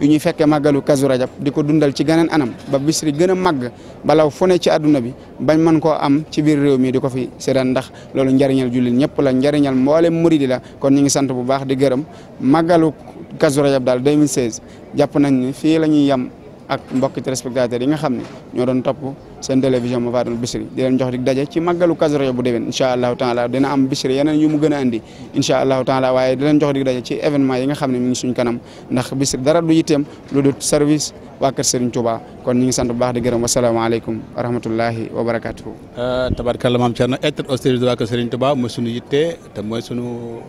yu ñuy fekkee màggalu Kazu di ko dundal ci geneen anam ba Bichri gën a màgg balaw fu ne ci àdduna bi bañ man ko am ci biir réew mi di ko fi sédan ndax loolu njariñal jullit ñëpp la njariñal mboolem muridi la kon ñu ngi sant bu baax di gërëm màggalu Kazu Rajab daal 2016 jàpp nañ ni fii ak mbokki téléspectateurs yi nga xam ne ñoo doon topp seen télévision Mafatihoul Bichri di leen jox dig daje ci màggalu Kazu Rajab bu déwén incha allahu taala dina am Bichri yeneen yu mu gën a andi incha allahu taala waaye di leen jox dig daje ci événement yi nga xam ne mi ngi suñ kanam ndax Bichri dara du yitteem lu dul service waa kër Serigne kon ñu ngi sant bu baax di gërëm wasalaamaaleykum wa rahmatullahi wa barakatuhu euh, tabarkalla maam Thierno être au service de waa kër Serigne Touba mooy sunu yitte te mooy sunu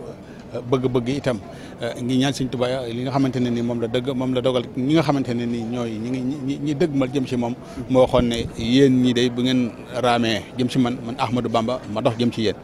euh, bëgg-bëgg itam Euh, ngi ñaan Sëñ Tuubaa li nga xamante ne ni moom la dëgg moom la dogal ñi nga xamante ne ni ñooy ñi ngi ñi dëgg mal jëm ci moom moo waxoon ne yéen ñi dey bu ngeen raamee jëm ci man man Ahmadou Bamba ma dox jëm ci yéen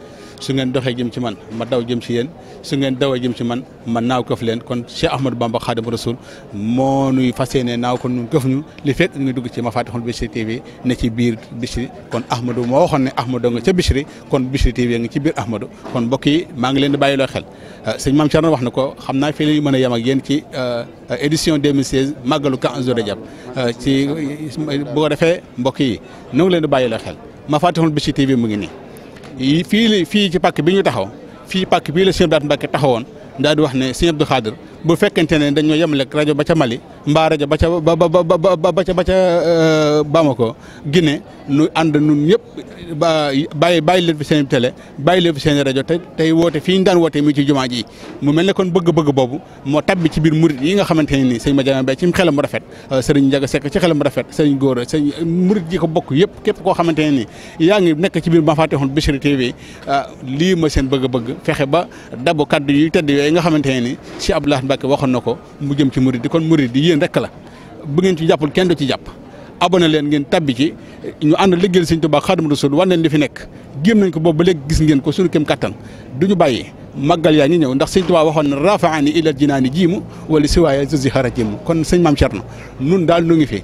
su ngeen doxee jëm ci man ma daw jëm ci yéen su ngeen dawee jëm ci man ma naaw këf leen kon Cheikh Ahmadou Bamba Xaadimu Rasuul moo nuy fas yéene naaw kon ñun këf ñu li fekk ñu ngi dugg ci Mafatihul Bichri TV ne ci biir Bichri kon Ahmadou moo waxoon ne Ahmadou nga ca Bichri kon Bichri TV nga ci biir Ahmadou kon mbokk yi maa ngi leen di bàyyi loo xel euh, sëñ Mame Thierno wax na ko xam naa fii la mën a yem ak yéen ci euh, édition 2016 màggalu Kazu Rajab euh, ci bu ko defee mbokk yi ñu leen di bàyyi loo xel Mafatihul Bichri TV mu ngi nii fii la fii ci pàkk bi ñu taxaw fii pàkk bii la sëñ Abdou Lahad Mbacké taxawoon daal di wax ne sëñ Abdou Khadr bu fekkente ne dañoo yemale ak rajo ba ca Mali mbaa rajo ba ca ba ba ba ca ba ca euh, Bamako Guinée nu ànd nun ñëpp bàyyi bàyyi leen fi seen télé bàyyi leen fi seen rajo te tey woote fii ñu daan woote mi ci jumaa ji mu mel ne kon bëgg-bëgg boobu moo tabbi ci biir murit yi nga xamante ne nii sëñ Madiame Mbaye ci xelam mu rafet euh, sëriñ Ndiaga Seck ci xelam mu rafet sëriñ góor a sëriñ euh, murit bokk yëpp képp koo xamante ne nii yaa ngi nekk ci biir Mafatihul Bichri TV lii ma seen bëgg-bëgg fexe ba dabu kaddu yu tedd yooyu nga xamante ne nii si Abdoulaye Mbacke waxoon na ko mu jëm ci murid kon murid yéen rek la bu ngeen ci jàppul kenn du ci jàpp abonné leen ngeen tabbi ci ñu ànd liggéeyal Sëñ Tuubaa Xaadimu Rasuul wan leen li fi nekk géem nañ ko boobu ba léegi gis ngeen ko suñu kem kattan du ñu bàyyi màggal yaa ngi ñëw ndax Sëñ Tuubaa waxoon na rafaani ilal jinaani jiimu wala siwaaya jësi xara jiimu kon sëñ maam Cerno nun daal nu ngi fi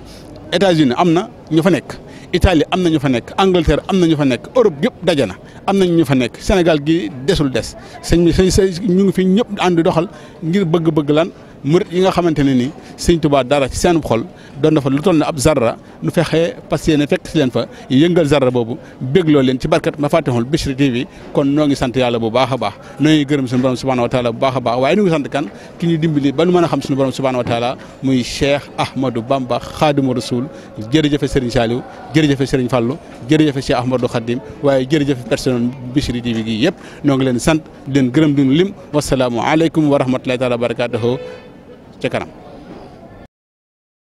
États-Unis am na ñu fa nekk Italie am na ñu fa nekk Angleterre am na ñu fa nekk Europe yëpp daje na am na ñu fa nekk Sénégal gi desul des sëñ bi sëñ ñu ngi fi ñëpp ànd doxal ngir bëgg-bëgg lan murit yi nga xamante ne ni sëñ Tuubaa dara ci seen xol doon na fa lu toll na ab zarra nu fexe parce que ne fekk si leen fa yëngal zarra boobu bégloo leen ci barkat ma fàttexul Bichri TV kon noo ngi sant yàlla bu baax a baax noo ngi gërëm suñu borom subhanahu wa taala bu baax a baax waaye nu ngi sant kan ki ñu dimbali ba nu mën a xam suñu borom subhanahu wa taala muy Cheikh Ahmadou Bamba Xaadimu Rasuul jërëjëfe Serigne Saliou jërëjëfe Serigne Fallou jërëjëfe Cheikh Ahmadou Khadim waaye jërëjëfe personnel Bichri TV gi yëpp noo ngi leen sant di leen gërëm di lim wasalaamu aleykum wa rahmatullahi taala wa barakatuhu ca kanam